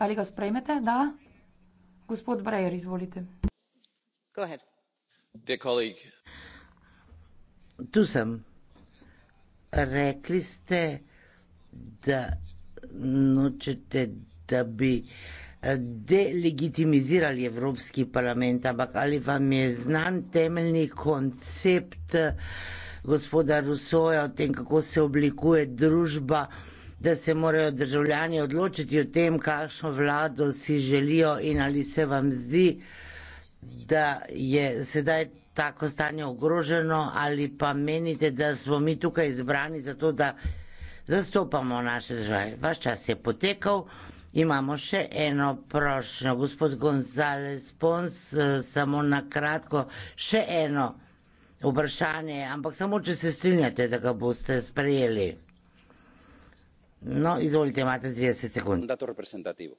Ali ga sprejmete? Da. Gospod Breyer, izvolite. Go ahead. Dear colleague. Tu sem. Rekli ste, da nočete, da bi eh, delegitimizirali Evropski parlament, ampak ali vam je znan temeljni koncept eh, gospoda Rusoja o tem, kako se oblikuje družba? da se morajo državljani odločiti o tem, kakšno vlado si želijo in ali se vam zdi, da je sedaj tako stanje ogroženo ali pa menite, da smo mi tukaj izbrani zato, da zastopamo naše države. Vaš čas je potekal. Imamo še eno prošnjo. Gospod Gonzales Pons, eh, samo na kratko, še eno vprašanje, ampak samo, če se strinjate, da ga boste sprejeli. No, izvolite, imate 30 sekund. Mandato reprezentativo.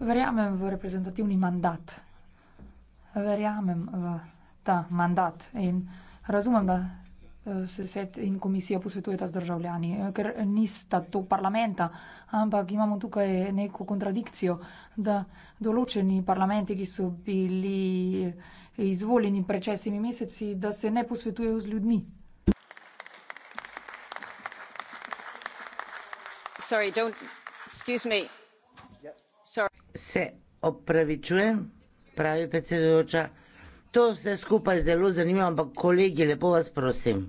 Verjamem v reprezentativni mandat. Verjamem v ta mandat in razumem, da eh, se svet in komisija posvetujeta z državljani, eh, ker nista to parlamenta, ampak imamo tukaj neko kontradikcijo, da določeni parlamenti, ki so bili izvoljeni pred šestimi meseci, da se ne posvetujejo z ljudmi. se opravičujem pravi predsedujoča to vse skupaj zelo zanimivo ampak kolegi lepo vas prosim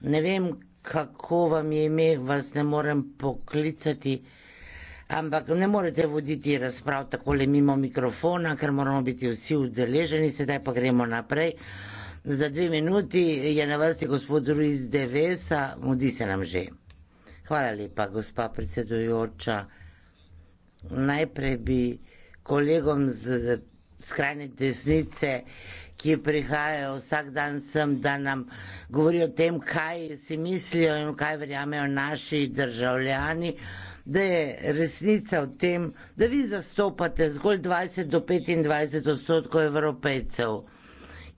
ne vem kako vam je ime vas ne morem poklicati ampak ne morete voditi razprav takole mimo mikrofona ker moramo biti vsi udeleženi sedaj pa gremo naprej Za dve minuti je na vrsti gospod Ruiz Devesa, mudi se nam že. Hvala lepa, gospa predsedujoča. Najprej bi kolegom z skrajne desnice, ki prihajajo vsak dan sem, da nam govorijo o tem, kaj si mislijo in kaj verjamejo naši državljani, da je resnica v tem, da vi zastopate zgolj 20 do 25 odstotkov evropejcev.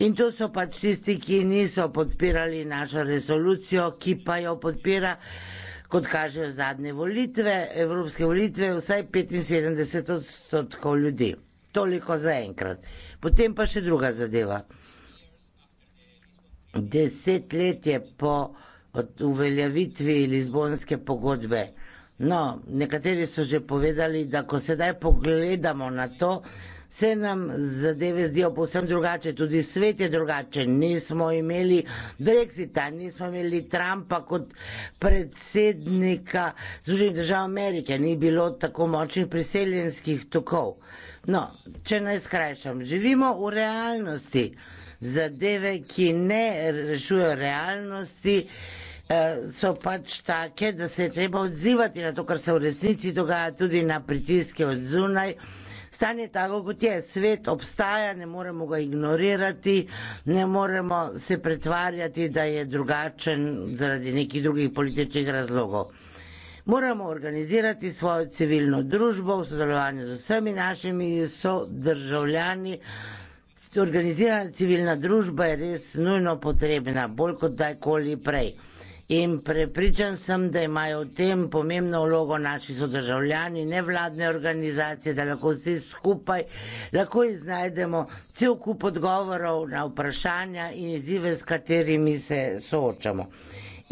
In to so pač tisti, ki niso podpirali našo resolucijo, ki pa jo podpira, kot kažejo zadnje volitve, evropske volitve, vsaj 75 odstotkov ljudi. Toliko za enkrat. Potem pa še druga zadeva. Deset let je po uveljavitvi Lizbonske pogodbe. No, nekateri so že povedali, da ko sedaj pogledamo na to, se nam zadeve zdijo povsem drugače, tudi svet je drugačen. Nismo imeli Brexita, nismo imeli Trumpa kot predsednika Združenih držav Amerike, ni bilo tako močnih priseljenskih tokov. No, če naj skrajšam, živimo v realnosti. Zadeve, ki ne rešujejo realnosti, eh, so pač take, da se je treba odzivati na to, kar se v resnici dogaja, tudi na pritiske od zunaj stanje tako, kot je. Svet obstaja, ne moremo ga ignorirati, ne moremo se pretvarjati, da je drugačen zaradi nekih drugih političnih razlogov. Moramo organizirati svojo civilno družbo v sodelovanju z vsemi našimi sodržavljani. Organizirana civilna družba je res nujno potrebna, bolj kot dajkoli prej. In prepričan sem, da imajo v tem pomembno vlogo naši sodržavljani, nevladne organizacije, da lahko vsi skupaj lahko iznajdemo cel kup odgovorov na vprašanja in izzive, s katerimi se soočamo.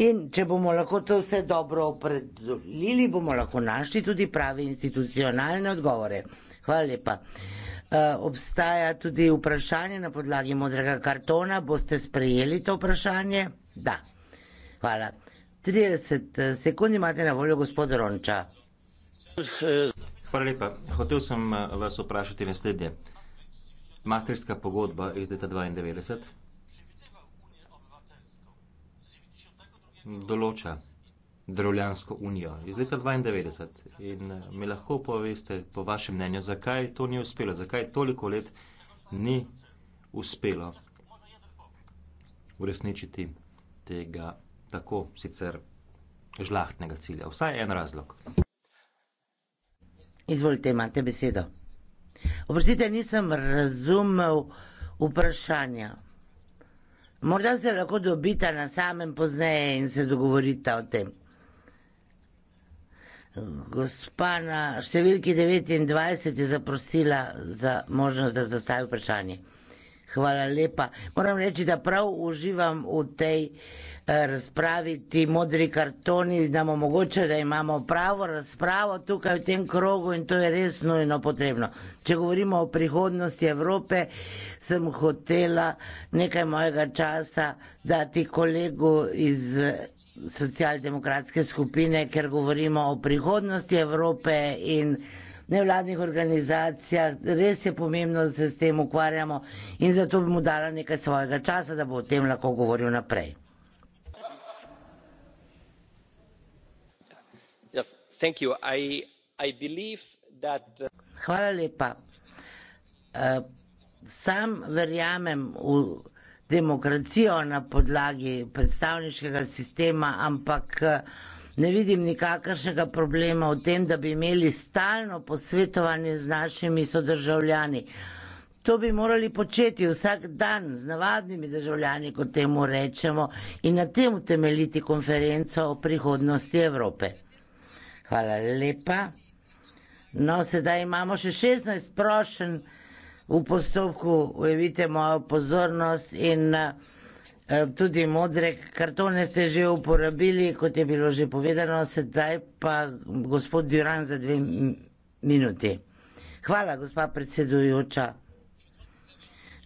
In če bomo lahko to vse dobro opredelili, bomo lahko našli tudi prave institucionalne odgovore. Hvala lepa. Uh, obstaja tudi vprašanje na podlagi modrega kartona. Boste sprejeli to vprašanje? Da. Hvala. 30 eh, sekund imate na voljo, gospod Ronča. Hvala lepa. Hotel sem eh, vas vprašati naslednje. Masterska pogodba iz leta 92 določa Drevljansko unijo iz leta 92 in eh, mi lahko poveste po vašem mnenju, zakaj to ni uspelo, zakaj toliko let ni uspelo uresničiti tega tako sicer žlahtnega cilja. Vsaj en razlog. Izvolite, imate besedo. Oprostite, nisem razumel vprašanja. Morda se lahko dobita na samem pozneje in se dogovorita o tem. Gospa na številki 29 je zaprosila za možnost, da zastavi vprašanje. Hvala lepa. Moram reči, da prav uživam v tej eh, razpravi. Ti modri kartoni nam omogočajo, da imamo pravo razpravo tukaj v tem krogu in to je res nujno potrebno. Če govorimo o prihodnosti Evrope, sem hotela nekaj mojega časa dati kolegu iz eh, socialdemokratske skupine, ker govorimo o prihodnosti Evrope in nevladnih organizacijah. Res je pomembno, da se s tem ukvarjamo in zato bi mu dala nekaj svojega časa, da bo o tem lahko govoril naprej. Ja, uh, Hvala lepa. Eh, sam verjamem v demokracijo na podlagi predstavniškega sistema, ampak eh, Ne vidim nikakršnega problema v tem, da bi imeli stalno posvetovanje z našimi sodržavljani. To bi morali početi vsak dan z navadnimi državljani, kot temu rečemo, in na tem utemeljiti konferenco o prihodnosti Evrope. Hvala lepa. No, sedaj imamo še 16 prošen v postopku, ujevite mojo pozornost in uh, Eh, tudi modre kartone ste že uporabili, kot je bilo že povedano, sedaj pa gospod Duran za dve minuti. Hvala, gospa predsedujoča.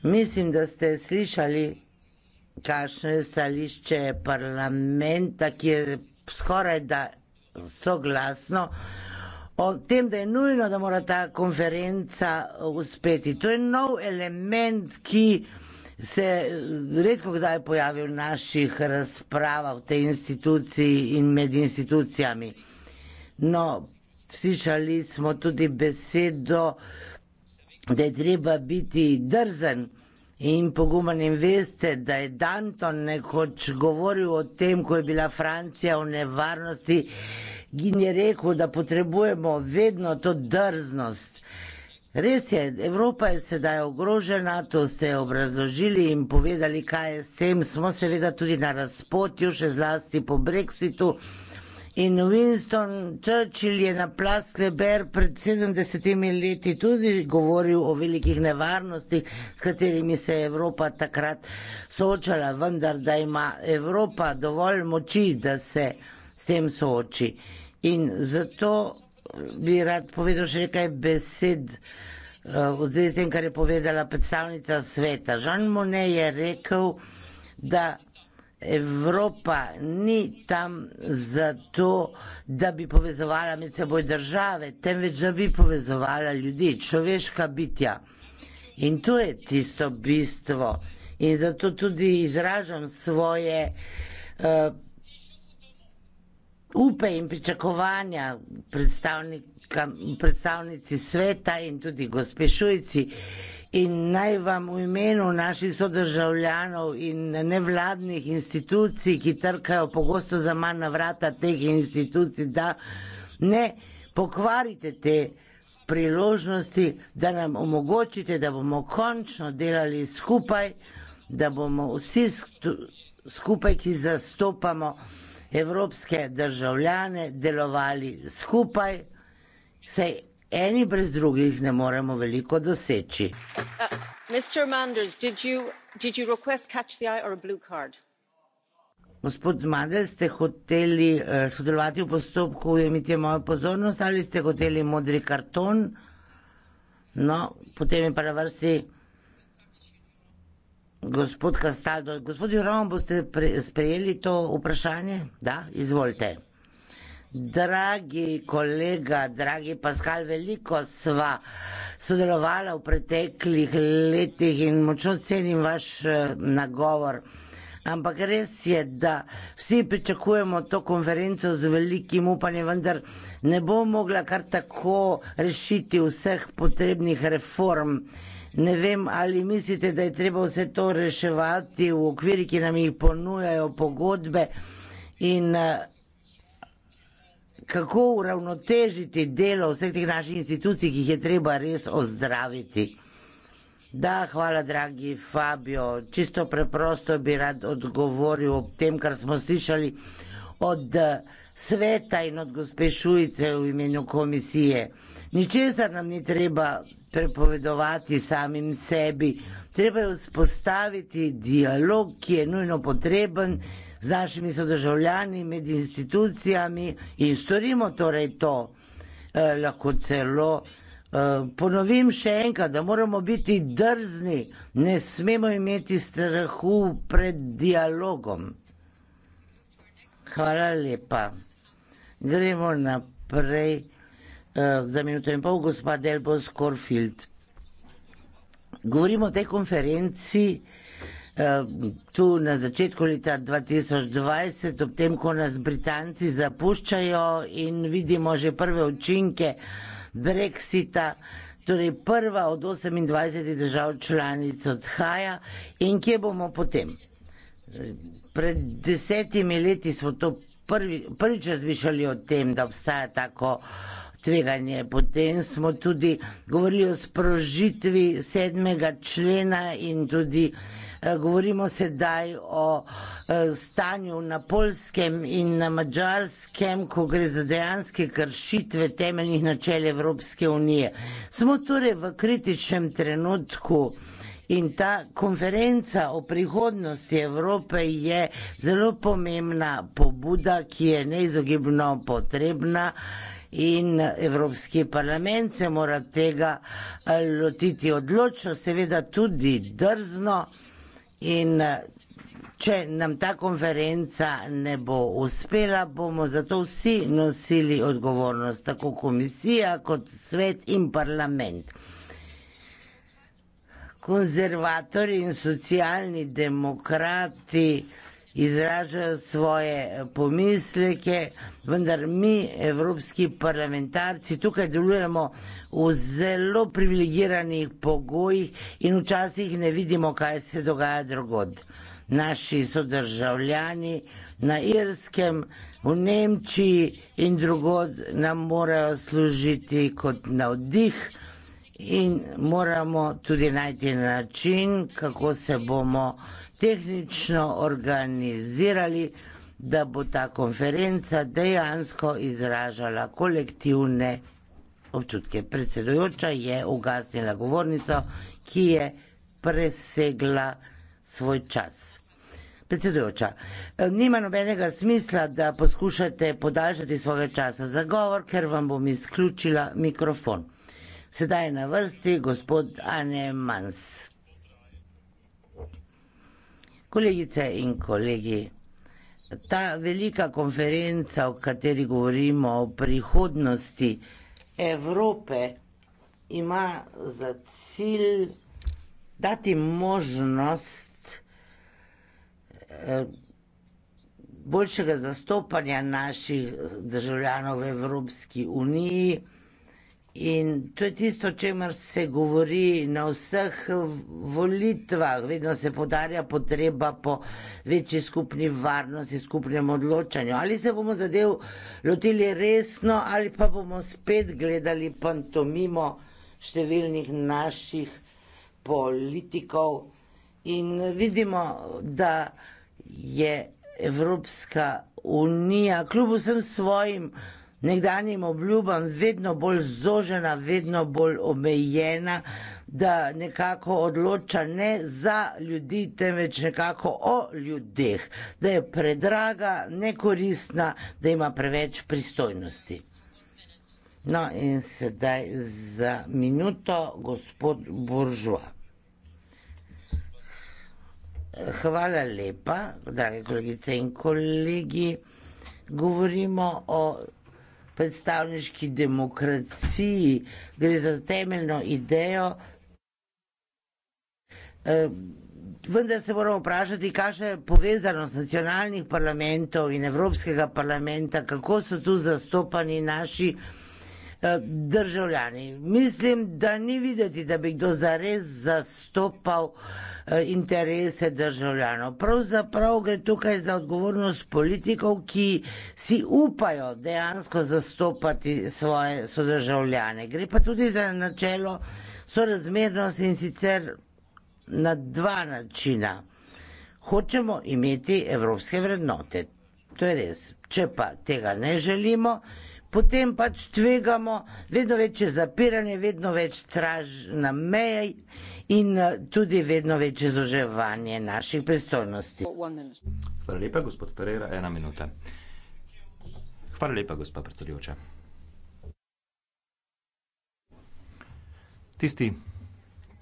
Mislim, da ste slišali, kakšno je stališče parlamenta, ki je skoraj da soglasno o tem, da je nujno, da mora ta konferenca uspeti. To je nov element, ki se eh, redko kdaj pojavi v naših razpravah, v tej instituciji in med institucijami. No, slišali smo tudi besedo, da je treba biti drzen in pogumen in veste, da je Danton nekoč govoril o tem, ko je bila Francija v nevarnosti in je rekel, da potrebujemo vedno to drznost. Res je, Evropa je sedaj ogrožena, to ste obrazložili in povedali, kaj je s tem. Smo seveda tudi na razpotju, še zlasti po Brexitu. In Winston Churchill je na plas Kleber pred 70 leti tudi govoril o velikih nevarnostih, s katerimi se je Evropa takrat soočala, vendar da ima Evropa dovolj moči, da se s tem sooči. In zato bi rad povedal še nekaj besed eh, v zvezi s tem, kar je povedala predstavnica sveta. Žan Mone je rekel, da Evropa ni tam zato, da bi povezovala med seboj države, temveč da bi povezovala ljudi, človeška bitja. In to je tisto bistvo. In zato tudi izražam svoje uh, upe in pričakovanja predstavnici sveta in tudi gospe Šujci. In naj vam v imenu naših sodržavljanov in nevladnih institucij, ki trkajo pogosto za manj na vrata teh institucij, da ne pokvarite te priložnosti, da nam omogočite, da bomo končno delali skupaj, da bomo vsi skupaj, ki zastopamo evropske državljane delovali skupaj, saj eni brez drugih ne moremo veliko doseči. Uh, Manders, did you, did you Gospod Mandel, ste hoteli eh, sodelovati v postopku, imeti mojo pozornost ali ste hoteli modri karton? No, potem je pa na vrsti. Gospod Kastaldo, gospod Juron, boste sprejeli to vprašanje? Da, izvolite. Dragi kolega, dragi Paskal, veliko sva sodelovala v preteklih letih in močno cenim vaš eh, nagovor. Ampak res je, da vsi pričakujemo to konferenco z velikim upanjem, vendar ne bo mogla kar tako rešiti vseh potrebnih reform. Ne vem, ali mislite, da je treba vse to reševati v okviri, ki nam jih ponujajo pogodbe in eh, kako uravnotežiti delo vseh teh naših institucij, ki jih je treba res ozdraviti. Da, hvala, dragi Fabio. Čisto preprosto bi rad odgovoril ob tem, kar smo slišali od eh, sveta in od gospe Šujice v imenu komisije. Ničesar nam ni treba prepovedovati samim sebi. Treba je vzpostaviti dialog, ki je nujno potreben z našimi sodržavljani med institucijami in storimo torej to. Eh, lahko celo eh, ponovim še enkrat, da moramo biti drzni, ne smemo imeti strahu pred dialogom. Hvala lepa. Gremo naprej. Eh, za minuto in pol gospa Delbo Skorfield. Govorimo o tej konferenci eh, tu na začetku leta 2020, ob tem, ko nas Britanci zapuščajo in vidimo že prve učinke Brexita, torej prva od 28 držav članic odhaja in kje bomo potem? Pred desetimi leti smo to prvi, prvič razmišljali o tem, da obstaja tako uh, tveganje. Potem smo tudi govorili o sprožitvi sedmega člena in tudi eh, govorimo sedaj o eh, stanju na polskem in na mađarskem, ko gre za dejanske kršitve temeljnih načel Evropske unije. Smo torej v kritičnem trenutku. In ta konferenca o prihodnosti Evrope je zelo pomembna pobuda, ki je neizogibno potrebna in Evropski parlament se mora tega eh, lotiti odločno, seveda tudi drzno. In eh, če nam ta konferenca ne bo uspela, bomo zato vsi nosili odgovornost, tako komisija kot svet in parlament. Konzervatori in socialni demokrati izražajo svoje eh, pomisleke, vendar mi, evropski parlamentarci, tukaj delujemo v zelo privilegiranih pogojih in včasih ne vidimo, kaj se dogaja drugod. Naši so državljani na Irskem, v Nemčiji in drugod nam morajo služiti kot navdih in moramo tudi najti način, kako se bomo tehnično organizirali, da bo ta konferenca dejansko izražala kolektivne občutke. Predsedujoča je ugasnila govornico, ki je presegla svoj čas. Predsedujoča, nima nobenega smisla, da poskušate podaljšati svoje časa za govor, ker vam bom izključila mikrofon. Sedaj je na vrsti gospod Anne Mans. Kolegice in kolegi, ta velika konferenca, o kateri govorimo o prihodnosti Evrope, ima za cilj dati možnost eh, boljšega zastopanja naših državljanov v Evropski uniji. In to je tisto, o čemer se govori na vseh volitvah. Vedno se podarja potreba po večji skupni varnosti, skupnem odločanju. Ali se bomo zadev lotili resno ali pa bomo spet gledali pantomimo številnih naših politikov in vidimo, da je Evropska unija kljub vsem svojim nekdanjim obljubam vedno bolj zožena, vedno bolj omejena, da nekako odloča ne za ljudi, temveč nekako o ljudeh, da je predraga, nekoristna, da ima preveč pristojnosti. No in sedaj za minuto gospod Buržua. Hvala lepa, drage kolegice in kolegi. Govorimo o predstavniški demokraciji, gre za temeljno idejo. Eh, vendar se moramo vprašati, kakšna je povezanost nacionalnih parlamentov in Evropskega parlamenta, kako so tu zastopani naši. Eh, državljani. Mislim, da ni videti, da bi kdo zares zastopal eh, interese državljanov. Pravzaprav gre tukaj za odgovornost politikov, ki si upajo dejansko zastopati svoje sodržavljane. Gre pa tudi za načelo sorazmernosti in sicer na dva načina. Hočemo imeti evropske vrednote. To je res. Če pa tega ne želimo, potem pač tvegamo, vedno večje zapiranje, vedno več straž na meji in eh, tudi vedno večje zoževanje naših pristojnosti. Hvala lepa, gospod Ferreira, ena minuta. Hvala lepa, gospod predsedujoča. Tisti,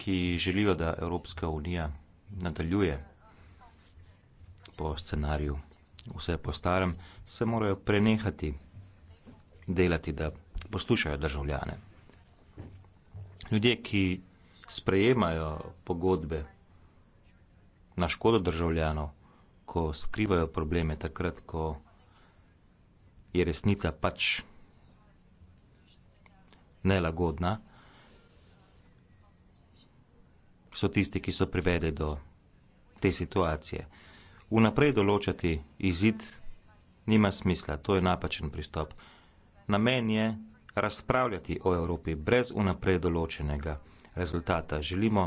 ki želijo, da Evropska unija nadaljuje po scenariju vse po starem, se morajo prenehati delati, da poslušajo državljane. Ljudje, ki sprejemajo pogodbe na škodo državljanov, ko skrivajo probleme takrat, ko je resnica pač nelagodna, so tisti, ki so privede do te situacije. Vnaprej določati izid nima smisla, to je napačen pristop. Namen je razpravljati o Evropi brez unaprej določenega rezultata. Želimo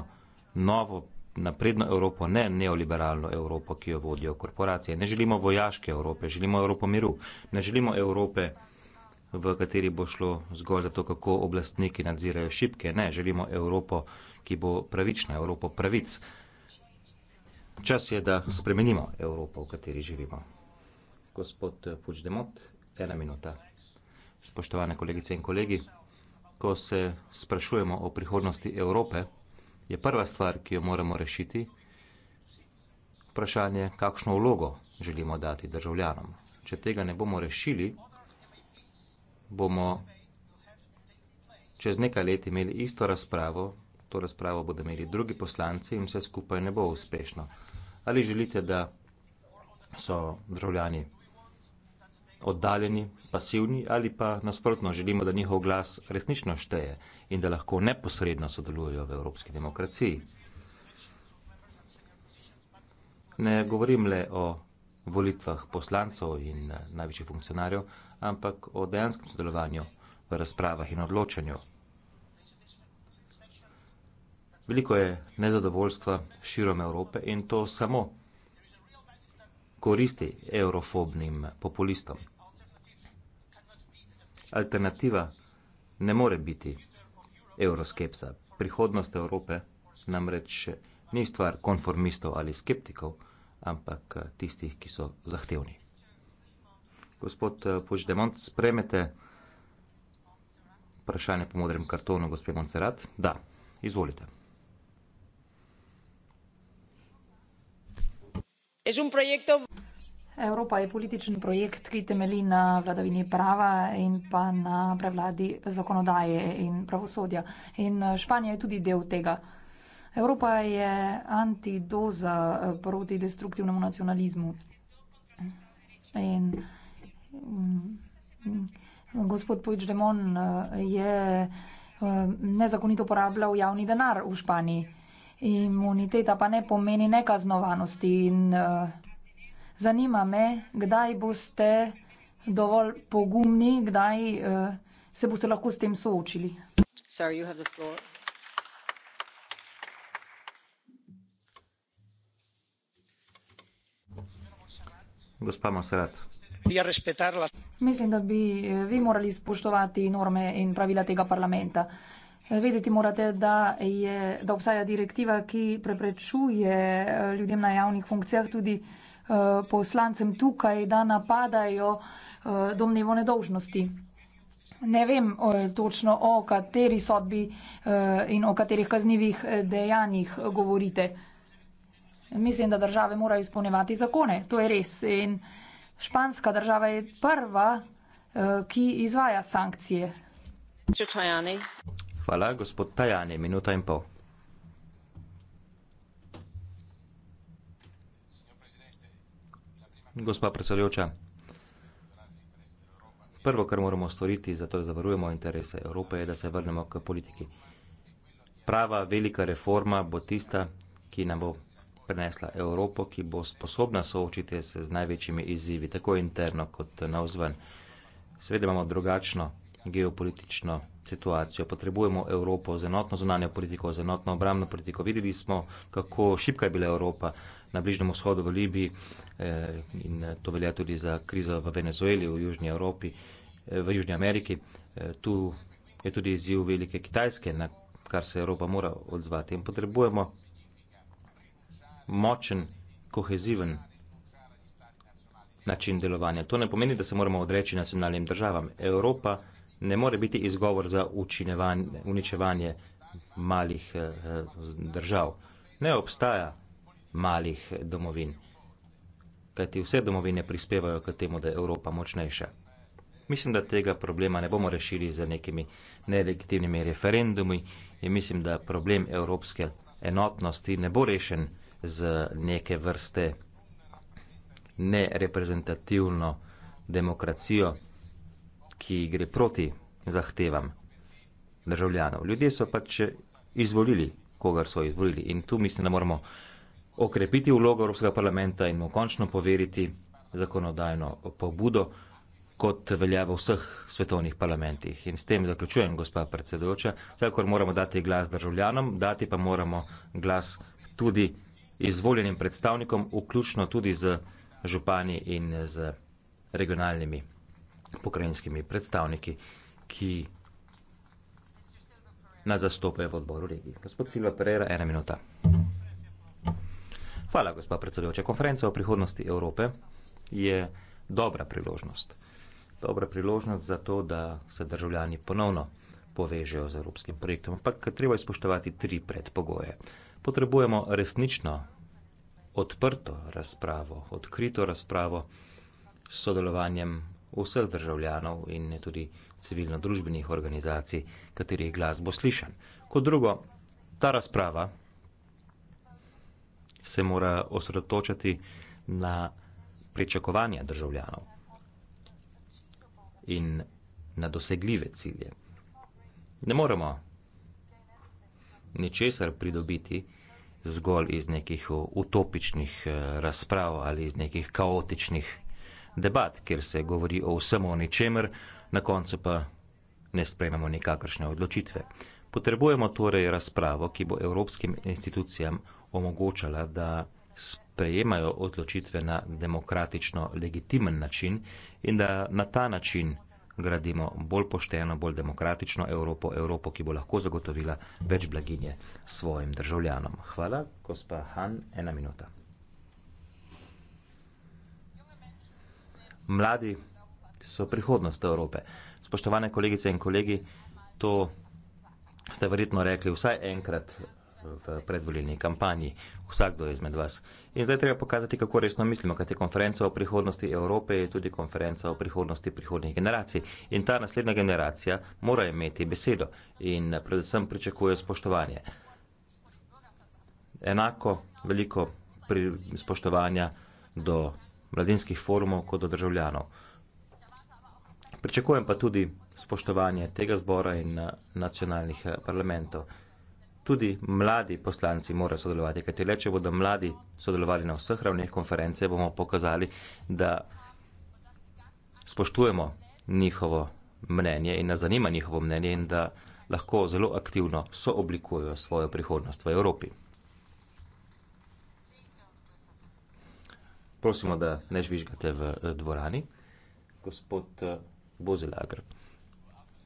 novo napredno Evropo, ne neoliberalno Evropo, ki jo vodijo korporacije. Ne želimo vojaške Evrope, želimo Evropo miru. Ne želimo Evrope, v kateri bo šlo zgolj za to, kako oblastniki nadzirajo šipke. Ne želimo Evropo, ki bo pravična, Evropo pravic. Čas je, da spremenimo Evropo, v kateri živimo. Gospod Pučdemot, ena minuta spoštovane kolegice in kolegi. Ko se sprašujemo o prihodnosti Evrope, je prva stvar, ki jo moramo rešiti, vprašanje, kakšno vlogo želimo dati državljanom. Če tega ne bomo rešili, bomo čez nekaj let imeli isto razpravo, to razpravo bodo imeli drugi poslanci in vse skupaj ne bo uspešno. Ali želite, da so državljani oddaljeni, pasivni ali pa nasprotno želimo, da njihov glas resnično šteje in da lahko neposredno sodelujejo v evropski demokraciji. Ne govorim le o volitvah poslancev in eh, največjih funkcionarjev, ampak o dejanskem sodelovanju v razpravah in odločanju. Veliko je nezadovoljstva širom Evrope in to samo koristi evrofobnim populistom alternativa ne more biti evroskepsa prihodnost evrope namreč ni stvar konformistov ali skeptikov ampak tistih ki so zahtevni gospod Puigdemont spremete vprašanje po modrem kartonu gospe Montserrat da izvolite Evropa je političen projekt, ki temelji na vladavini prava in pa na prevladi zakonodaje in pravosodja. In eh, Španija je tudi del tega. Evropa je antidoza eh, proti destruktivnemu nacionalizmu. In, mm, gospod Puigdemont eh, je nezakonito porabljal javni denar v Španiji. Imuniteta pa ne pomeni nekaznovanosti in uh, zanima me, kdaj boste dovolj pogumni, kdaj uh, se boste lahko s tem soočili. Sir, you have the floor. Gospa Moserat. Ja, Mislim, da bi eh, vi morali spoštovati norme in pravila tega parlamenta. Uh, Vedeti morate, da, je, da obstaja direktiva, ki preprečuje eh, ljudem na javnih funkcijah, tudi eh, poslancem tukaj, da napadajo eh, domnevo nedolžnosti. Ne vem točno, o kateri sodbi in o katerih kaznjivih dejanjih govorite. Mislim, da države morajo izpolnevati zakone, to je res. In španska država je prva, ki izvaja sankcije. Hvala, gospod Tajani, minuta in pol. Gospa predsedujoča, prvo, kar moramo storiti, zato da zavarujemo interese Evrope, je, da se vrnemo k politiki. Prava velika reforma bo tista, ki nam bo prinesla Evropo, ki bo sposobna soočiti se z največjimi izzivi, tako interno kot na vzven. Seveda imamo drugačno geopolitično situacijo. Potrebujemo Evropo z enotno zunanjo politiko, z enotno obramno politiko. Videli smo, kako šipka je bila Evropa na Bližnjem vzhodu v Libiji eh, in to velja tudi za krizo v Venezueli, v Južnji Evropi, eh, v Južnji Ameriki. Eh, tu je tudi izziv velike Kitajske, na kar se Evropa mora odzvati. In potrebujemo močen, koheziven način delovanja. To ne pomeni, da se moramo odreči nacionalnim državam. Evropa ne more biti izgovor za uničevanje malih eh, eh, držav. Ne obstaja malih domovin, kajti vse domovine prispevajo k temu, da je Evropa močnejša. Mislim, da tega problema ne bomo rešili z nekimi nelegitimnimi referendumi in mislim, da problem evropske enotnosti ne bo rešen z neke vrste nereprezentativno demokracijo ki gre proti zahtevam državljanov. Ljudje so pač izvolili, kogar so izvolili. In tu mislim, da moramo okrepiti vlogo Evropskega parlamenta in mu končno poveriti zakonodajno pobudo, kot velja v vseh svetovnih parlamentih. In s tem zaključujem, gospa predsedujoča, vsakor moramo dati glas državljanom, dati pa moramo glas tudi izvoljenim predstavnikom, vključno tudi z župani in z regionalnimi pokrajinskimi predstavniki, ki nas zastopajo v odboru regij. Gospod Silva Pereira, ena minuta. Hvala, gospa predsedujoča. Konferenca o prihodnosti Evrope je dobra priložnost. Dobra priložnost za to, da se državljani ponovno povežejo z evropskim projektom. Ampak treba je spoštovati tri predpogoje. Potrebujemo resnično odprto razpravo, odkrito razpravo s sodelovanjem vseh državljanov in tudi civilno-družbenih organizacij, katerih glas bo slišan. Kot drugo, ta razprava se mora osredotočati na pričakovanja državljanov in na dosegljive cilje. Ne moremo ničesar pridobiti zgolj iz nekih utopičnih eh, razprav ali iz nekih kaotičnih debat, kjer se govori o vsem o ničemer, na koncu pa ne sprejmemo nikakršne odločitve. Potrebujemo torej razpravo, ki bo evropskim institucijam omogočala, da sprejemajo odločitve na demokratično legitimen način in da na ta način gradimo bolj pošteno, bolj demokratično Evropo, Evropo, ki bo lahko zagotovila več blaginje svojim državljanom. Hvala, gospa Han, ena minuta. Mladi so prihodnost Evrope. Spoštovane kolegice in kolegi, to ste verjetno rekli vsaj enkrat v predvoljeni kampanji, vsakdo izmed vas. In zdaj treba pokazati, kako resno mislimo, kajte konferenca o prihodnosti Evrope je tudi konferenca o prihodnosti prihodnih generacij. In ta naslednja generacija mora imeti besedo in predvsem pričakuje spoštovanje. Enako veliko pri spoštovanja do mladinskih forumov kot do državljanov. Pričakujem pa tudi spoštovanje tega zbora in eh, nacionalnih eh, parlamentov. Tudi mladi poslanci morajo sodelovati, kajti le če bodo mladi sodelovali na vseh ravneh konference, bomo pokazali, da spoštujemo njihovo mnenje in nas zanima njihovo mnenje in da lahko zelo aktivno sooblikujejo svojo prihodnost v Evropi. Prosimo, da ne žvižgate v eh, dvorani. Gospod eh, Bozelagr,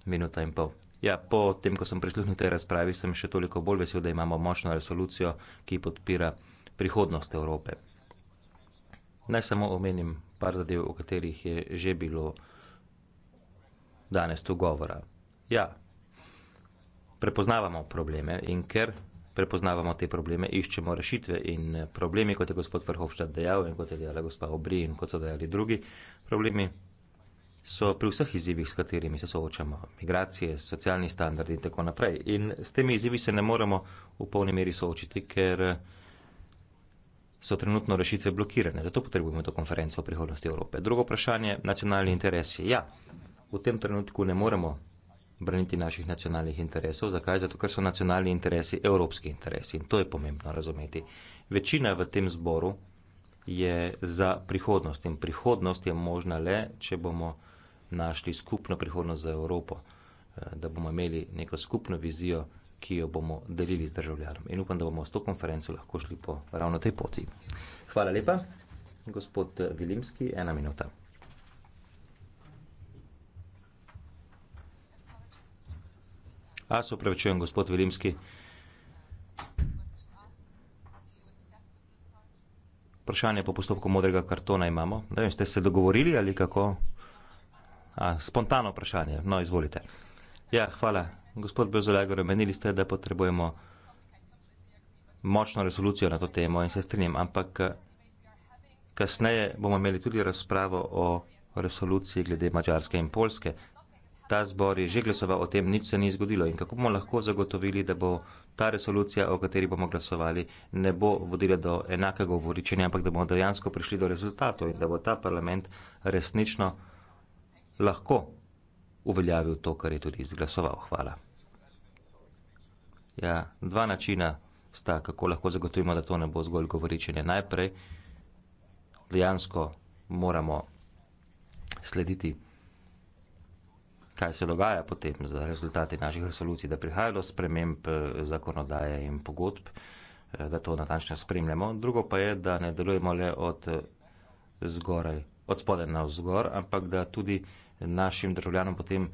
minuta in pol. Ja, po tem, ko sem prisluhnil tej razpravi, sem še toliko bolj vesel, da imamo močno resolucijo, ki podpira prihodnost Evrope. Naj samo omenim par zadev, o katerih je že bilo danes tu govora. Ja, prepoznavamo probleme in ker prepoznavamo te probleme, iščemo rešitve in eh, problemi, kot je gospod Vrhovščat dejal in kot je dejala gospa Obri in kot so dejali drugi problemi, so pri vseh izzivih, s katerimi se soočamo, migracije, socialni standardi in tako naprej. In s temi izzivi se ne moremo v polni meri soočiti, ker eh, so trenutno rešitve blokirane. Zato potrebujemo to konferenco o prihodnosti Evrope. Drugo vprašanje, nacionalni interesi. Ja, v tem trenutku ne moremo braniti naših nacionalnih interesov. Zakaj? Zato, ker so nacionalni interesi evropski interesi in to je pomembno razumeti. Večina v tem zboru je za prihodnost in prihodnost je možna le, če bomo našli skupno prihodnost za Evropo, eh, da bomo imeli neko skupno vizijo, ki jo bomo delili z državljanom. In upam, da bomo s to konferenco lahko šli po ravno tej poti. Hvala lepa. Gospod Vilimski, ena minuta. A se upravičujem, gospod Vilimski. Vprašanje po postopku modrega kartona imamo. Ne vem, ste se dogovorili ali kako? A, spontano vprašanje. No, izvolite. Ja, hvala. Gospod Bezolegor, menili ste, da potrebujemo močno resolucijo na to temo in se strinjam, ampak eh, kasneje bomo imeli tudi razpravo o resoluciji glede Mačarske in Polske ta zbor je že glasoval o tem, nič se ni zgodilo in kako bomo lahko zagotovili, da bo ta resolucija, o kateri bomo glasovali, ne bo vodila do enakega govoričenja, ampak da bomo dejansko prišli do rezultatov in da bo ta parlament resnično lahko uveljavil to, kar je tudi izglasoval. Hvala. Ja, dva načina sta, kako lahko zagotovimo, da to ne bo zgolj govoričenje. Najprej dejansko moramo slediti kaj se dogaja potem za rezultati naših resolucij, da prihajalo sprememb eh, zakonodaje in pogodb, eh, da to natančno spremljamo. Drugo pa je, da ne delujemo le od eh, zgoraj, od spode na vzgor, ampak da tudi našim državljanom potem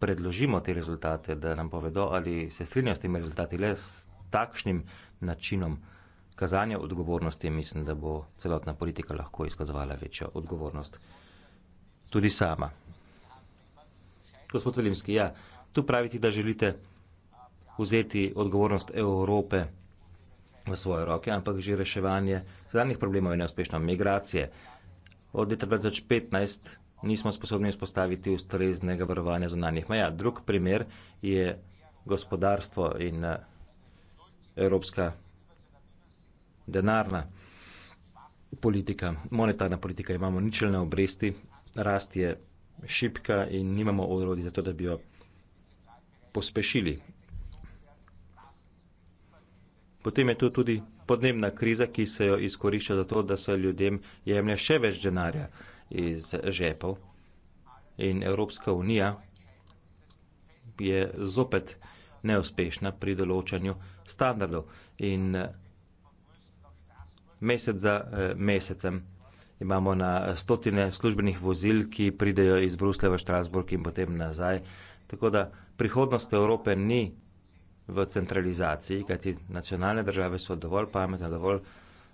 predložimo te rezultate, da nam povedo, ali se strinjajo s temi rezultati le s takšnim načinom kazanja odgovornosti, mislim, da bo celotna politika lahko izkazovala večjo odgovornost tudi sama. Gospod Velimski, ja, tu pravite, da želite vzeti odgovornost Evrope v svoje roke, ampak že reševanje zadnjih problemov je neuspešno. Migracije. Od leta 2015 nismo sposobni vzpostaviti ustreznega varovanja zunanjih meja. Drug primer je gospodarstvo in evropska denarna politika, monetarna politika. Imamo ničelne obresti, rast je šipka in nimamo orodi za to, da bi jo pospešili. Potem je tu tudi podnebna kriza, ki se jo izkorišča za to, da se ljudem jemlje še več denarja iz žepov. In Evropska unija je zopet neuspešna pri določanju standardov. In mesec za eh, mesecem imamo na stotine službenih vozil, ki pridejo iz Bruslja v Štrasburg in potem nazaj. Tako da prihodnost Evrope ni v centralizaciji, kajti nacionalne države so dovolj pametne, dovolj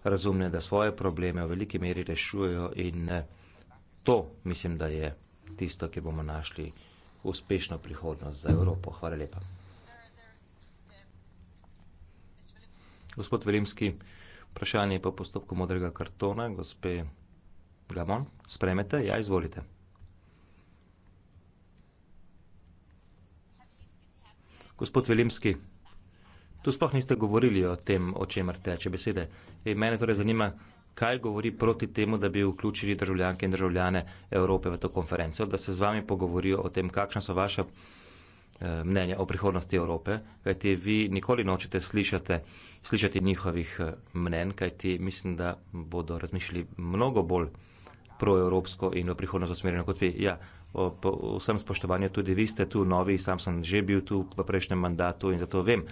razumne, da svoje probleme v veliki meri rešujejo in eh, to mislim, da je tisto, ki bomo našli uspešno prihodnost za Evropo. Hvala lepa. Gospod Velimski, vprašanje je pa postopku modrega kartona. Gospe Gamon, spremete, ja, izvolite. Gospod Velimski, tu sploh niste govorili o tem, o čemer teče besede. E, mene torej zanima, kaj govori proti temu, da bi vključili državljanke in državljane Evrope v to konferenco, da se z vami pogovorijo o tem, kakšna so vaše eh, mnenja o prihodnosti Evrope, kajti vi nikoli nočete slišate, slišati njihovih eh, mnen, kajti mislim, da bodo razmišljali mnogo bolj proevropsko in v prihodnost usmerjeno kot vi. Ja, po vsem spoštovanju tudi vi ste tu novi, sam sem že bil tu v prejšnjem mandatu in zato vem,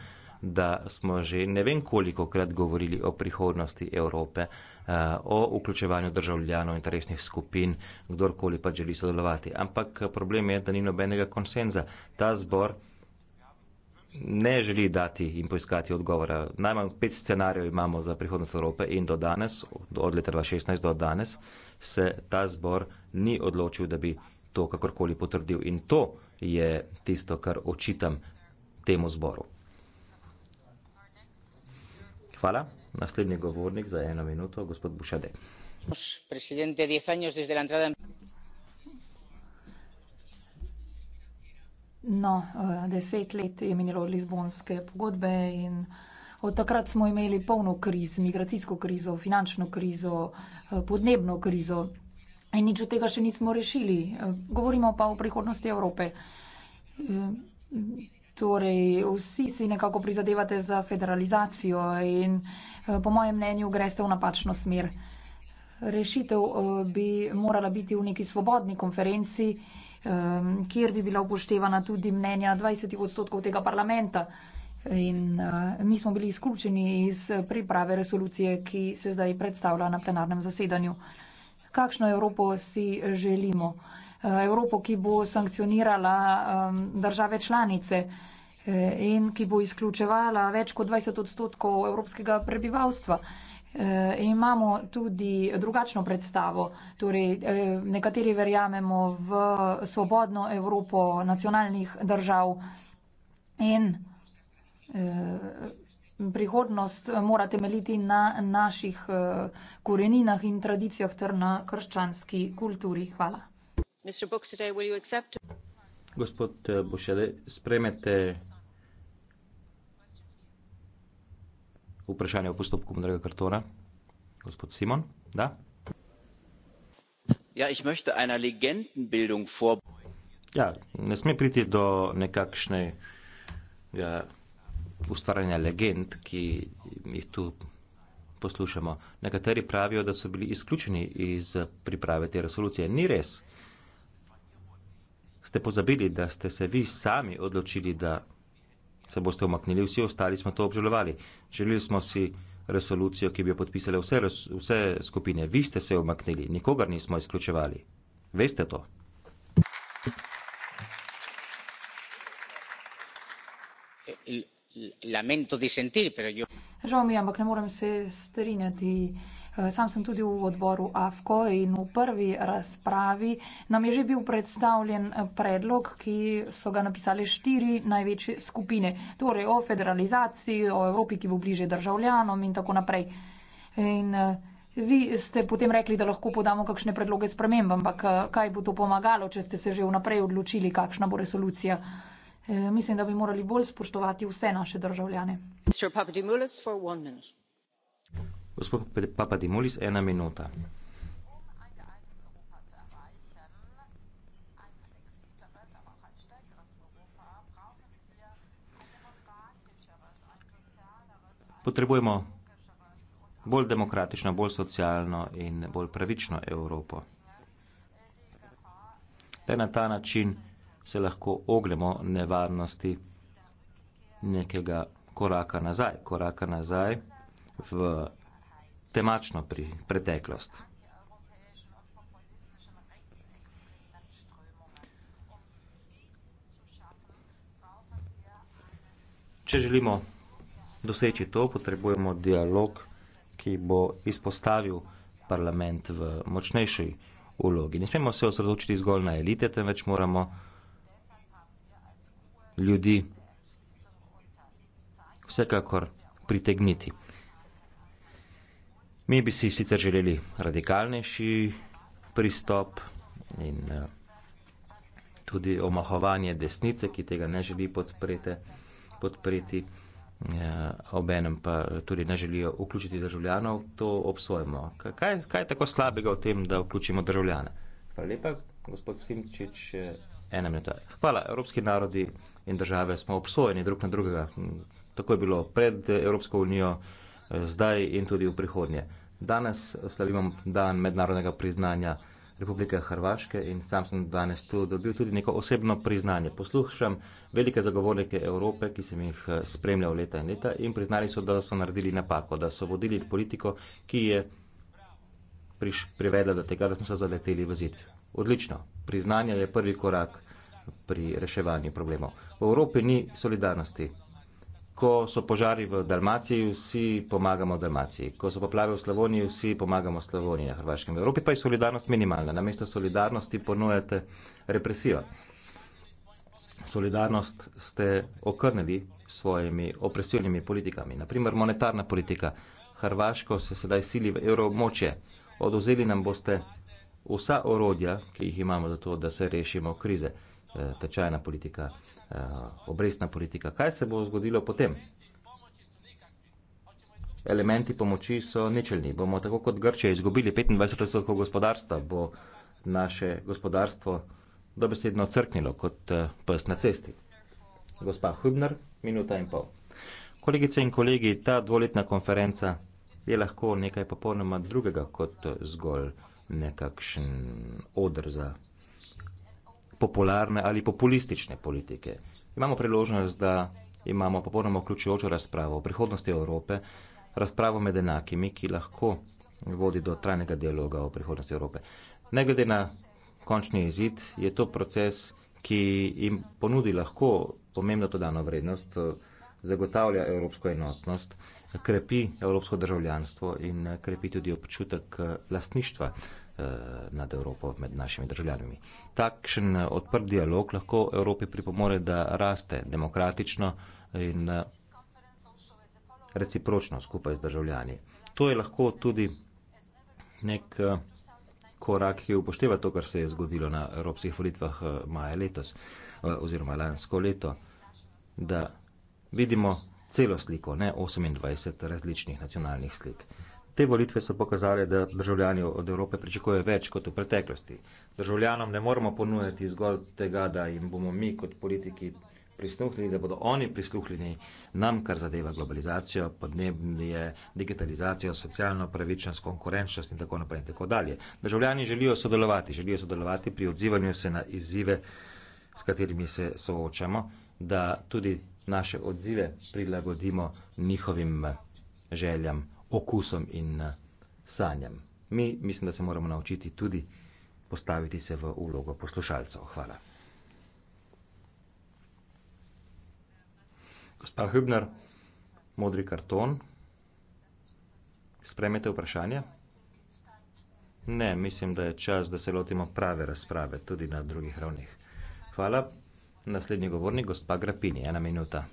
da smo že ne vem koliko krat govorili o prihodnosti Evrope, eh, o vključevanju državljanov interesnih skupin, kdorkoli pa želi sodelovati. Ampak problem je, da ni nobenega konsenza. Ta zbor ne želi dati in poiskati odgovora. Najmanj pet scenarijev imamo za prihodnost Evrope in do danes, od leta 2016 do danes se ta zbor ni odločil, da bi to kakorkoli potrdil. In to je tisto, kar očitam temu zboru. Hvala. Naslednji govornik za eno minuto, gospod Bušade. No, eh, deset let je minilo od Lizbonske pogodbe in Od takrat smo imeli polno kriz, migracijsko krizo, finančno krizo, eh, podnebno krizo. In nič od tega še nismo rešili. Eh, govorimo pa o prihodnosti Evrope. Eh, torej, vsi si nekako prizadevate za federalizacijo in po mojem mnenju greste v napačno smer. Rešitev bi morala biti v neki svobodni konferenci, kjer bi bila upoštevana tudi mnenja 20 odstotkov tega parlamenta. In uh, mi smo bili izključeni iz priprave resolucije, ki se zdaj predstavlja na plenarnem zasedanju. Kakšno Evropo si želimo? Evropo, ki bo sankcionirala um, države članice e, in ki bo izključevala več kot 20 odstotkov evropskega prebivalstva. E, imamo tudi drugačno predstavo. Torej, e, nekateri verjamemo v svobodno Evropo nacionalnih držav in Eh, prihodnost eh, mora temeljiti na naših eh, koreninah in tradicijah ter na krščanski kulturi. Hvala. Gospod Bošele, sprejmete vprašanje o postopku modrega kartona? Gospod Simon, da? Ja, ja ne sme priti do nekakšnega ustvarjanja legend, ki jih tu poslušamo. Nekateri pravijo, da so bili izključeni iz priprave te resolucije. Ni res. Ste pozabili, da ste se vi sami odločili, da se boste omaknili. Vsi ostali smo to obžalovali. Želeli smo si resolucijo, ki bi jo podpisale vse, vse skupine. Vi ste se omaknili, nikogar nismo izključevali. Veste to? lamento disentir, pero yo. Žal mi je, ampak ne morem se strinjati. Eh, sam sem tudi v odboru AFKO in v prvi razpravi nam je že bil predstavljen eh, predlog, ki so ga napisali štiri največje skupine. Torej o federalizaciji, o Evropi, ki bo bliže državljanom in tako naprej. In eh, vi ste potem rekli, da lahko podamo kakšne predloge spremembam, ampak kaj bo to pomagalo, če ste se že vnaprej odločili, kakšna bo resolucija? Eh, mislim da bi morali bolj spoštovati vse naše državljane potrebujemo bolj demokratično bolj socialno in bolj pravično evropo le na ta način se lahko ognemo nevarnosti nekega koraka nazaj, koraka nazaj v temačno pri preteklost. Če želimo doseči to, potrebujemo dialog, ki bo izpostavil parlament v močnejši vlogi. Ne smemo se osredotočiti zgolj na elite, temveč moramo ljudi vsekakor pritegniti. Mi bi si sicer želeli radikalnejši pristop in eh, tudi omahovanje desnice, ki tega ne želi podprete, podpreti, eh, obenem pa tudi ne želijo vključiti državljanov, to obsojamo. Kaj, kaj je tako slabega v tem, da vključimo državljane? Hvala lepa, gospod Simčič, eh, ena minuta. Hvala, Evropski narodi in države smo obsojeni drug na drugega. Tako je bilo pred Evropsko unijo, eh, zdaj in tudi v prihodnje. Danes slavimo dan mednarodnega priznanja Republike Hrvaške in sam sem danes tu dobil tudi neko osebno priznanje. Poslušam velike zagovornike Evrope, ki sem jih eh, spremljal leta in leta in priznali so, da so naredili napako, da so vodili politiko, ki je priš, privedla do tega, da smo se zaleteli v zid. Odlično. Priznanje je prvi korak pri reševanju problemov. V Evropi ni solidarnosti. Ko so požari v Dalmaciji, vsi pomagamo Dalmaciji. Ko so poplave v Slavoniji, vsi pomagamo Slavoniji na Hrvaškem. V Evropi pa je solidarnost minimalna. Namesto solidarnosti ponujate represijo. Solidarnost ste okrnili svojimi opresivnimi politikami. Naprimer, monetarna politika. Hrvaško se sedaj sili v evromoče. Odozeli nam boste vsa orodja, ki jih imamo za to, da se rešimo krize. Eh, tečajna politika, eh, obrestna politika. Kaj se bo zgodilo potem? Elementi pomoči so ničelni. Bomo tako kot Grče izgubili 25% gospodarstva, bo naše gospodarstvo dobesedno crknilo kot eh, pes na cesti. Gospa Hübner, minuta in pol. Kolegice in kolegi, ta dvoletna konferenca je lahko nekaj popolnoma drugega kot zgolj nekakšen odr za popularne ali populistične politike. Imamo priložnost, da imamo popolnoma vključujočo razpravo o prihodnosti Evrope, razpravo med enakimi, ki lahko vodi do trajnega dialoga o prihodnosti Evrope. Ne glede na končni izid, je to proces, ki jim ponudi lahko pomembno to dano vrednost, zagotavlja evropsko enotnost, krepi evropsko državljanstvo in krepi tudi občutek eh, lastništva Eh, nad Evropo med našimi državljanimi. Takšen eh, odprt dialog lahko Evropi pripomore, da raste demokratično in eh, recipročno skupaj z državljani. To je lahko tudi nek korak, ki upošteva to, kar se je zgodilo na evropskih volitvah maja letos oziroma lansko leto, da vidimo celo sliko, ne 28 različnih nacionalnih slik. Te volitve so pokazale, da državljani od Evrope pričakujejo več kot v preteklosti. Državljanom ne moremo ponujati zgolj tega, da jim bomo mi kot politiki prisluhnili, da bodo oni prisluhnili nam, kar zadeva globalizacijo, podnebje, digitalizacijo, socialno pravičnost, konkurenčnost in tako naprej in tako dalje. Državljani želijo sodelovati, želijo sodelovati pri odzivanju se na izzive, s katerimi se soočamo, da tudi naše odzive prilagodimo njihovim željam okusom in eh, sanjem. Mi mislim, da se moramo naučiti tudi postaviti se v ulogo poslušalcev. Hvala. Gospa Hübner, modri karton. Spremete vprašanje? Ne, mislim, da je čas, da se lotimo prave razprave tudi na drugih ravnih. Hvala. Naslednji govornik, gospa Grapini, ena minuta.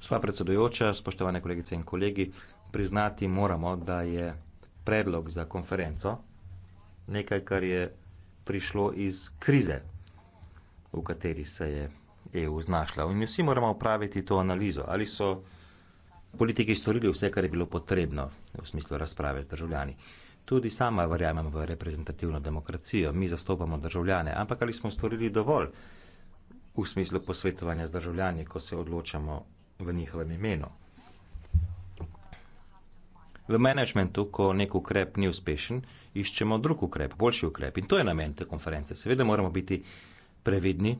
Sva predsedujoča, spoštovane kolegice in kolegi, priznati moramo, da je predlog za konferenco nekaj, kar je prišlo iz krize, v kateri se je EU znašla. In vsi moramo opraviti to analizo, ali so politiki storili vse, kar je bilo potrebno v smislu razprave z državljani. Tudi sama verjamem v reprezentativno demokracijo, mi zastopamo državljane, ampak ali smo storili dovolj v smislu posvetovanja z državljani, ko se odločamo v njihovem imenu. V menedžmentu, ko nek ukrep ni uspešen, iščemo drug ukrep, boljši ukrep. In to je namen te konference. Seveda moramo biti previdni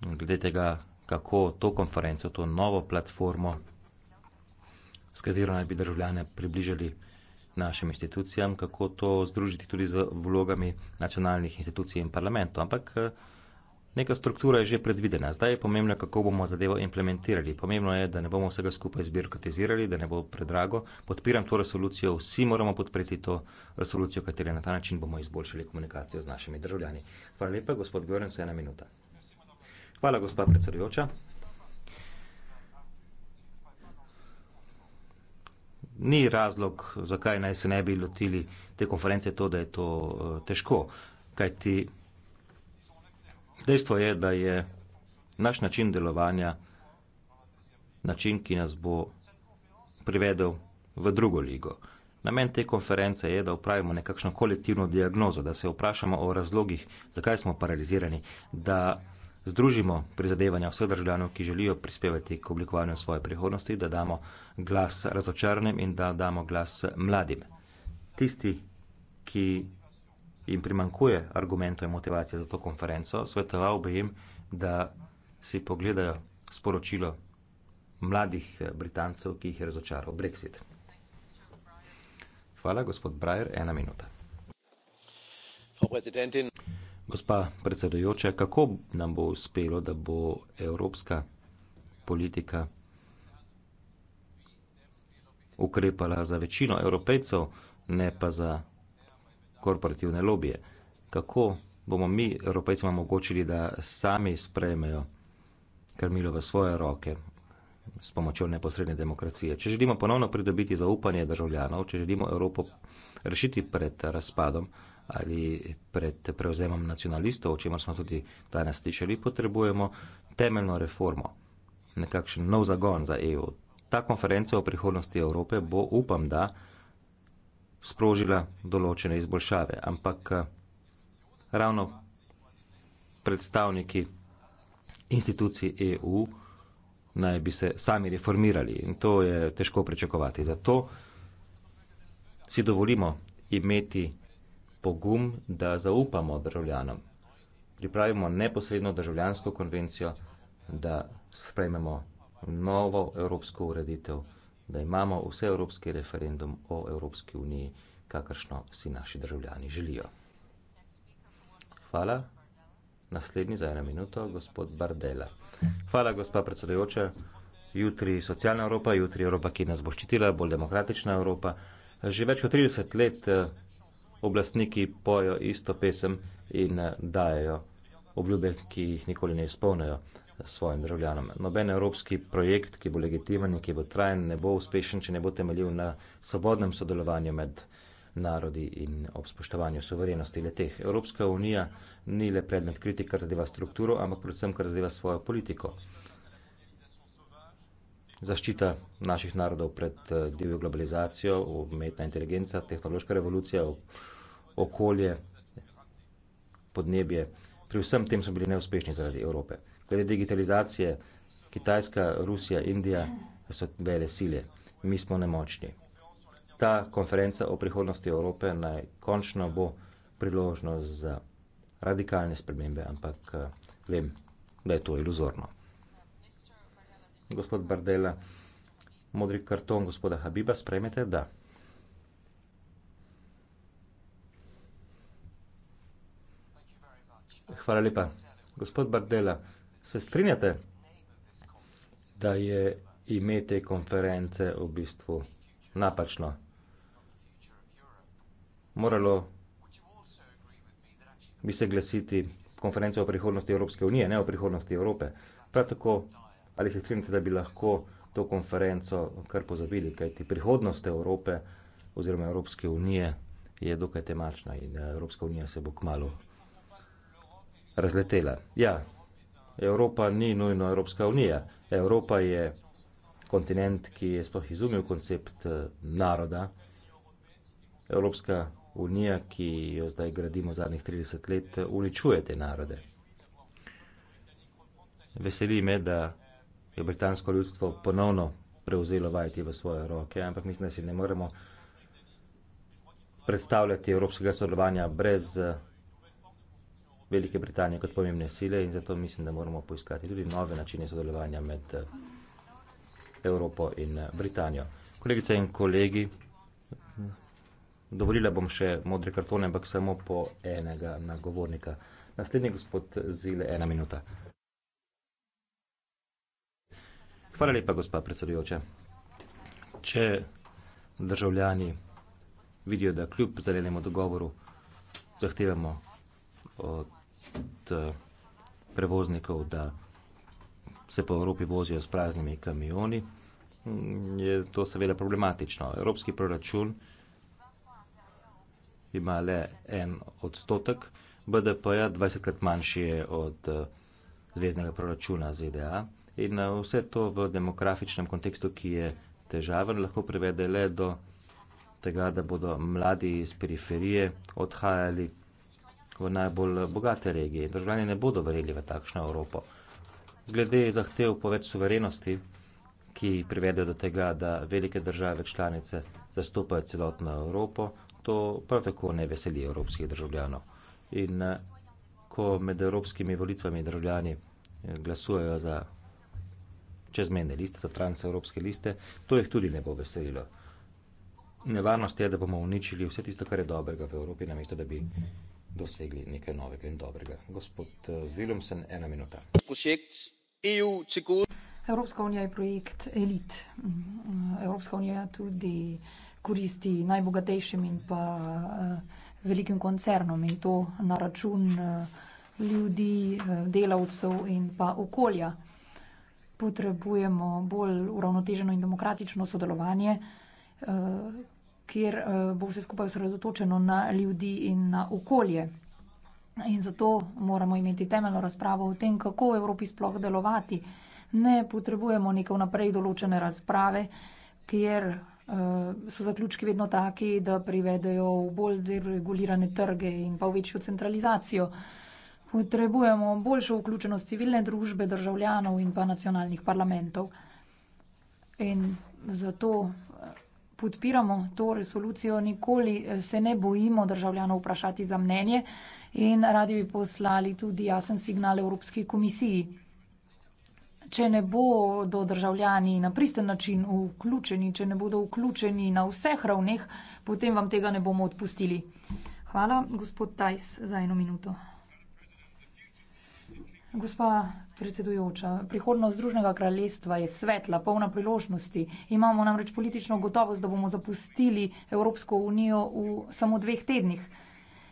glede tega, kako to konferenco, to novo platformo, s katero naj bi državljane približali našim institucijam, kako to združiti tudi z vlogami nacionalnih institucij in parlamentov. Ampak eh, Neka struktura je že predvidena, zdaj je pomembno, kako bomo zadevo implementirali. Pomembno je, da ne bomo vsega skupaj zbirokratizirali, da ne bo predrago. Podpiram to resolucijo, vsi moramo podpreti to resolucijo, katere na ta način bomo izboljšali komunikacijo z našimi državljani. Hvala lepa, gospod Goren, se ena minuta. Hvala, gospa predsedujoča. Ni razlog, zakaj naj se ne bi lotili te konference, to, da je to uh, težko, kajti Dejstvo je, da je naš način delovanja način, ki nas bo privedel v drugo ligo. Namen te konference je, da upravimo nekakšno kolektivno diagnozo, da se vprašamo o razlogih, zakaj smo paralizirani, da združimo prizadevanja vseh državljanov, ki želijo prispevati k oblikovanju svoje prihodnosti, da damo glas razočarnim in da damo glas mladim. Tisti, ki jim primankuje argumentov in motivacije za to konferenco, svetoval bi jim, da si pogledajo sporočilo mladih eh, Britancev, ki jih je razočaral Brexit. Hvala, gospod Breyer, ena minuta. Gospa predsedujoča, kako nam bo uspelo, da bo evropska politika ukrepala za večino evropejcev, ne pa za korporativne lobije. Kako bomo mi, evropejcem, omogočili, da sami sprejmejo krmilo v svoje roke s pomočjo neposredne demokracije? Če želimo ponovno pridobiti zaupanje državljanov, če želimo Evropo rešiti pred razpadom ali pred prevzemom nacionalistov, o čemer smo tudi danes slišali, potrebujemo temeljno reformo, nekakšen nov zagon za EU. Ta konferenca o prihodnosti Evrope bo, upam, da sprožila določene izboljšave, ampak eh, ravno predstavniki institucij EU naj bi se sami reformirali in to je težko pričakovati. Zato si dovolimo imeti pogum, da zaupamo državljanom. Pripravimo neposredno državljansko konvencijo, da sprejmemo novo evropsko ureditev da imamo vseevropski referendum o Evropski uniji, kakršno si naši državljani želijo. Hvala. Naslednji za eno minuto, gospod Bardela. Hvala, gospa predsedujoča. Jutri socialna Evropa, jutri Evropa, ki nas bo ščitila, bolj demokratična Evropa. Že več kot 30 let eh, oblastniki pojo isto pesem in eh, dajo obljube, ki jih nikoli ne izpolnijo svojim državljanom. Noben evropski projekt, ki bo legitimen in ki bo trajen, ne bo uspešen, če ne bo temeljil na svobodnem sodelovanju med narodi in ob spoštovanju suverenosti le teh. Evropska unija ni le predmet kritik, kar zadeva strukturo, ampak predvsem, kar zadeva svojo politiko. Zaščita naših narodov pred eh, divjo globalizacijo, umetna inteligenca, tehnološka revolucija, okolje, podnebje, pri vsem tem so bili neuspešni zaradi Evrope glede digitalizacije, Kitajska, Rusija, Indija so vele sile. Mi smo nemočni. Ta konferenca o prihodnosti Evrope naj končno bo priložnost za radikalne spremembe, ampak eh, vem, da je to iluzorno. Gospod Bardela, modri karton gospoda Habiba, spremete, da. Hvala lepa. Gospod Bardela, Se strinjate, da je ime te konference v bistvu napačno? Moralo bi se glasiti konference o prihodnosti Evropske unije, ne o prihodnosti Evrope. Prav tako, ali se strinjate, da bi lahko to konferenco kar pozabili, kajti prihodnost Evrope oziroma Evropske unije je dokaj temačna in Evropska unija se bo kmalo razletela. Ja, Evropa ni nujno Evropska unija. Evropa je kontinent, ki je sploh izumil koncept eh, naroda. Evropska unija, ki jo zdaj gradimo zadnjih 30 let, eh, uničuje te narode. Veseli me, da je britansko ljudstvo ponovno prevzelo vajeti v svoje roke, ampak mislim, da si ne moremo predstavljati evropskega sodelovanja brez eh, Velike Britanije kot pomembne sile in zato mislim, da moramo poiskati tudi nove načine sodelovanja med eh, Evropo in eh, Britanijo. Kolegice in kolegi, dovolila bom še modre kartone, ampak samo po enega nagovornika. Naslednji gospod Zile, ena minuta. Hvala lepa, gospa predsedujoča. Če državljani vidijo, da kljub zelenemu dogovoru zahtevamo od od eh, prevoznikov, da se po Evropi vozijo s praznimi kamioni, mm, je to seveda problematično. Evropski proračun ima le en odstotek, BDP je 20 krat manjši od eh, zvezdnega proračuna ZDA in eh, vse to v demografičnem kontekstu, ki je težaven, lahko privede le do tega, da bodo mladi iz periferije odhajali v najbolj bogate regije. Državljani ne bodo verjeli v takšno Evropo. Glede zahtev po več suverenosti, ki privedejo do tega, da velike države članice zastopajo celotno Evropo, to prav tako ne veseli evropskih državljanov. In eh, ko med evropskimi volitvami državljani eh, glasujejo za čezmene liste, za transevropske liste, to jih tudi ne bo veselilo. Nevarnost je, da bomo uničili vse tisto, kar je dobrega v Evropi, namesto da bi dosegli nekaj novega in dobrega. Gospod eh, Willemsen, ena minuta. E Evropska unija je projekt elit. Mm, Evropska unija tudi koristi najbogatejšim in pa eh, velikim koncernom in to na račun eh, ljudi, delavcev in pa okolja. Potrebujemo bolj uravnoteženo in demokratično sodelovanje, kjer eh, bo vse skupaj osredotočeno na ljudi in na okolje. In zato moramo imeti temeljno razpravo o tem, kako v Evropi sploh delovati. Ne potrebujemo neke vnaprej določene razprave, kjer eh, so zaključki vedno taki, da privedejo v bolj deregulirane trge in pa v večjo centralizacijo. Potrebujemo boljšo vključenost civilne družbe, državljanov in pa nacionalnih parlamentov. In zato podpiramo to resolucijo, nikoli eh, se ne bojimo državljanov vprašati za mnenje in radi bi poslali tudi jasen signal Evropski komisiji. Če ne bodo državljani na pristen način vključeni, če ne bodo vključeni na vseh ravneh, potem vam tega ne bomo odpustili. Hvala, gospod Tajs, za eno minuto. Gospa predsedujoča, prihodnost Združnega kraljestva je svetla, polna priložnosti. Imamo namreč politično gotovost, da bomo zapustili Evropsko unijo v samo dveh tednih.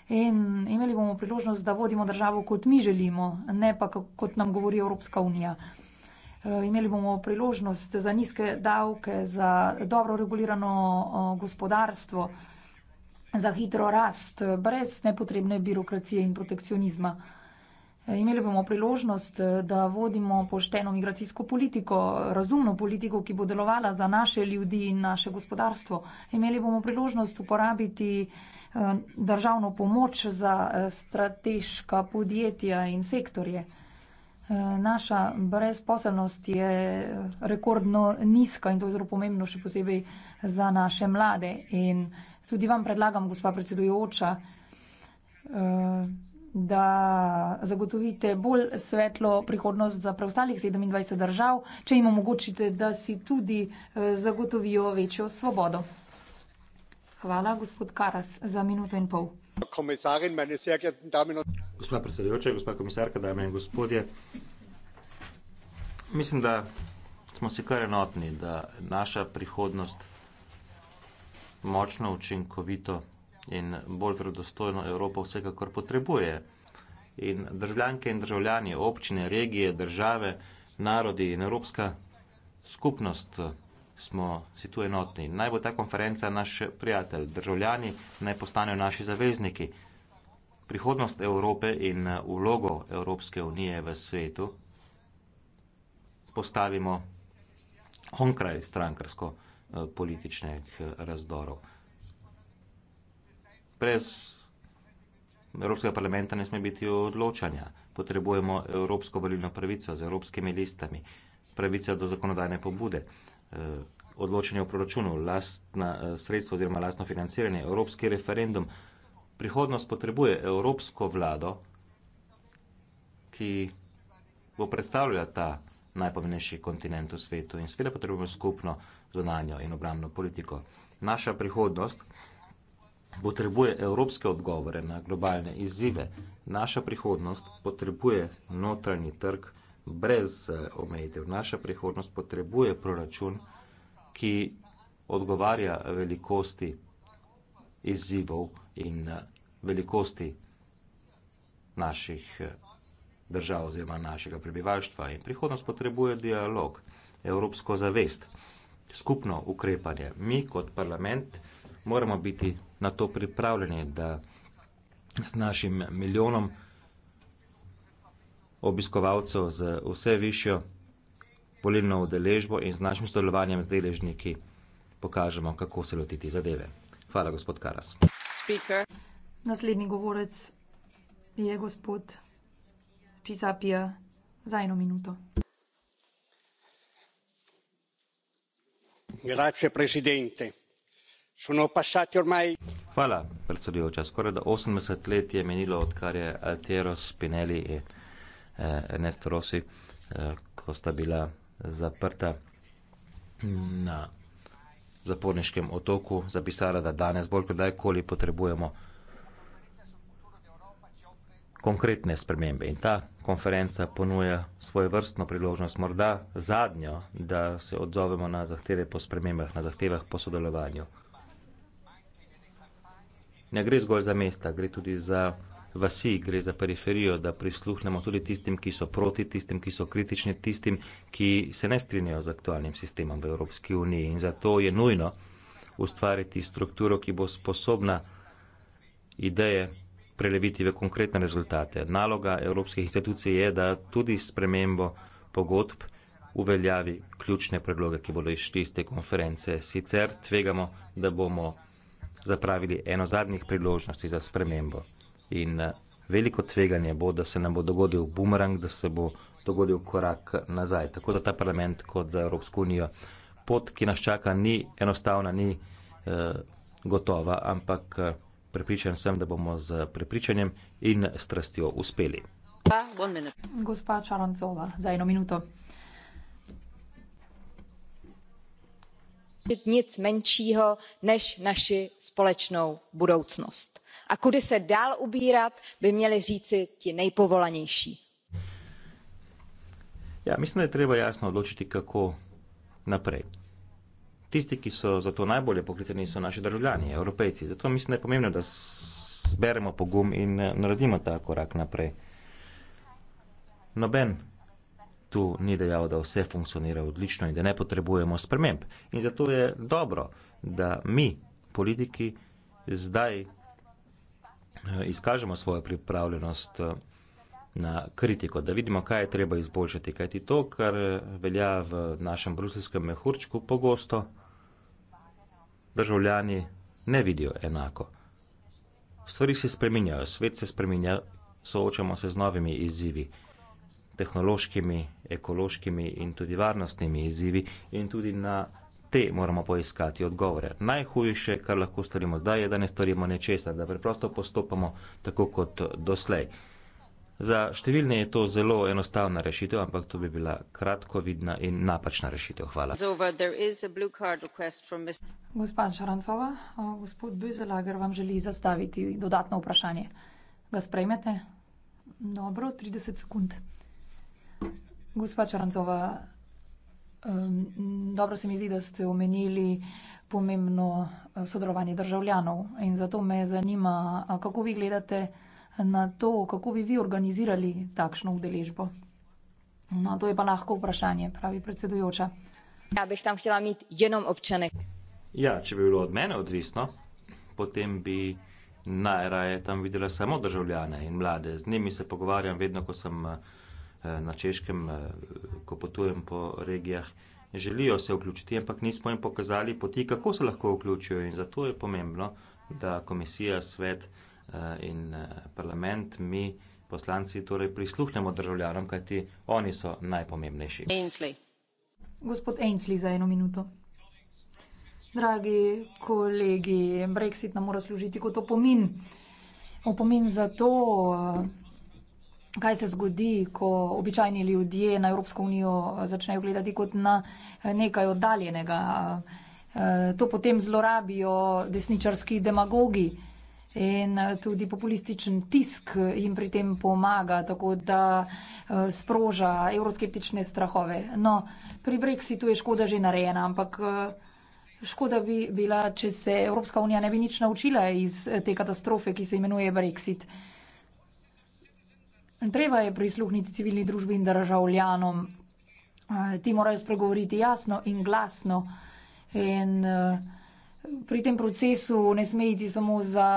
In imeli bomo priložnost, da vodimo državo, kot mi želimo, ne pa kot nam govori Evropska unija. E, imeli bomo priložnost za nizke davke, za dobro regulirano gospodarstvo, za hitro rast, brez nepotrebne birokracije in protekcionizma. Imeli bomo priložnost, eh, da vodimo pošteno migracijsko politiko, razumno politiko, ki bo delovala za naše ljudi in naše gospodarstvo. Imeli bomo priložnost uporabiti eh, državno pomoč za eh, strateška podjetja in sektorje. Naša brezposelnost je rekordno nizka in to je zelo pomembno, še posebej za naše mlade. In tudi vam predlagam, gospa predsedujoča, da zagotovite bolj svetlo prihodnost za preostalih 27 držav, če jim omogočite, da si tudi eh, zagotovijo večjo svobodo. Hvala, gospod Karas, za minuto in pol. Gospa predsedujoča, gospa komisarka, dame in gospodje, mislim, da smo si kar enotni, da naša prihodnost močno, učinkovito in bolj verodostojno Evropo vsekakor potrebuje. In državljanke in državljani, občine, regije, države, narodi in Evropska skupnost eh, smo si tu enotni. Naj bo ta konferenca naš prijatelj, državljani naj postanejo naši zavezniki. Prihodnost Evrope in eh, vlogo Evropske unije v svetu postavimo onkraj strankarsko eh, političnih razdorov brez Evropskega parlamenta ne sme biti odločanja. Potrebujemo Evropsko volilno pravico z evropskimi listami, pravica do zakonodajne pobude, eh, odločanje o proračunu, lastna eh, sredstva oziroma lastno financiranje, evropski referendum. Prihodnost potrebuje evropsko vlado, ki bo predstavljala ta najpomenejši kontinent v svetu in seveda potrebujemo skupno zunanjo in obramno politiko. Naša prihodnost potrebuje evropske odgovore na globalne izzive. Naša prihodnost potrebuje notranji trg brez eh, omejitev. Naša prihodnost potrebuje proračun, ki odgovarja velikosti izzivov in eh, velikosti naših eh, držav oziroma našega prebivalstva. In prihodnost potrebuje dialog, evropsko zavest, skupno ukrepanje. Mi kot parlament moramo biti na to pripravljeni, da s našim milijonom obiskovalcev z vse višjo volilno udeležbo in z našim sodelovanjem z deležniki pokažemo, kako se lotiti zadeve. Hvala, gospod Karas. Speaker. Naslednji govorec je gospod Pizapija za eno minuto. Grazie, presidente. Hvala, predsedujoča. Skorajda osemdeset let je minilo, odkar je Altiero Spinelli in, eh, Ernesto Rossi, eh, ko sta bila zaprta mm, na zaporniškem otoku, zapisala, da danes bolj kot kdajkoli potrebujemo konkretne spremembe. In ta konferenca ponuja svojevrstno priložnost, morda zadnjo, da se odzovemo na zahteve po spremembah, na zahtevah po sodelovanju ne gre zgolj za mesta, gre tudi za vasi, gre za periferijo, da prisluhnemo tudi tistim, ki so proti, tistim, ki so kritični, tistim, ki se ne strinjajo z aktualnim sistemom v Evropski uniji. In zato je nujno ustvariti strukturo, ki bo sposobna ideje preleviti v konkretne rezultate. Naloga evropskih institucij je, da tudi s premembo pogodb uveljavi ključne predloge, ki bodo izšli iz te konference. Sicer tvegamo, da bomo zapravili eno zadnjih priložnosti za spremembo. In eh, veliko tveganje bo, da se nam bo dogodil bumerang, da se bo dogodil korak nazaj. Tako za ta parlament, kot za Evropsko unijo. Pot, ki nas čaka, ni enostavna, ni eh, gotova, ampak eh, prepričan sem, da bomo z prepričanjem in strastjo uspeli. Gospa Čaroncova, za eno minuto. nepředstavit nic menšího než naši společnou budoucnost a kudy se dál ubírat by měli říci ti nejpovolanější. Ja, myslím, že treba jasno odločiti, kako naprej. Tisti, ki so za to najbolje pokriteni, so naši državljani, evropejci. Zato mislim, da je pomembno, da zberemo pogum in naredimo ta korak naprej. Noben tu ni dejal, da vse funkcionira odlično in da ne potrebujemo sprememb. In zato je dobro, da mi, politiki, zdaj eh, izkažemo svojo pripravljenost eh, na kritiko, da vidimo, kaj je treba izboljšati, kajti to, kar eh, velja v našem bruseljskem mehurčku, pogosto državljani ne vidijo enako. Stvari se spreminjajo, svet se spreminja, soočamo se z novimi izzivi tehnološkimi, ekološkimi in tudi varnostnimi izzivi in tudi na te moramo poiskati odgovore. Najhujše, kar lahko storimo zdaj, je, da ne storimo nečesa, da preprosto postopamo tako kot doslej. Za številne je to zelo enostavna rešitev, ampak to bi bila kratkovidna in napačna rešitev. Hvala. Gospod Šarancova, gospod Bizelager vam želi zastaviti dodatno vprašanje. Ga sprejmete? Dobro, 30 sekund. Gospa Črncova, um, dobro se mi zdi, da ste omenili pomembno eh, sodelovanje državljanov in zato me zanima, kako vi gledate na to, kako bi vi organizirali takšno udeležbo. No, to je pa lahko vprašanje, pravi predsedujoča. Ja, bi tam htela imeti jenom občane. Ja, če bi bilo od mene odvisno, potem bi najraje tam videla samo državljane in mlade. Z njimi se pogovarjam vedno, ko sem. Uh, Eh, na češkem, eh, ko potujem po regijah, želijo se vključiti, ampak nismo jim pokazali poti, kako se lahko vključijo. In zato je pomembno, da komisija, svet eh, in parlament, mi poslanci, torej prisluhnemo državljanom, kajti oni so najpomembnejši. Ainsley. Gospod Ainsley za eno minuto. Dragi kolegi, Brexit nam mora služiti kot opomin. Opomin za to. Uh kaj se zgodi, ko običajni ljudje na Evropsko unijo eh, začnejo gledati kot na eh, nekaj oddaljenega. Eh, to potem zlorabijo desničarski demagogi in tudi populističen tisk jim pri tem pomaga, tako da sproža evroskeptične strahove. No, pri Brexitu je škoda že narejena, ampak škoda bi bila, če se Evropska unija ne bi nič naučila iz te katastrofe, ki se imenuje Brexit. Treba je prisluhniti civilni družbi in državljanom. Ti morajo spregovoriti jasno in glasno. In e, pri tem procesu ne smejiti samo za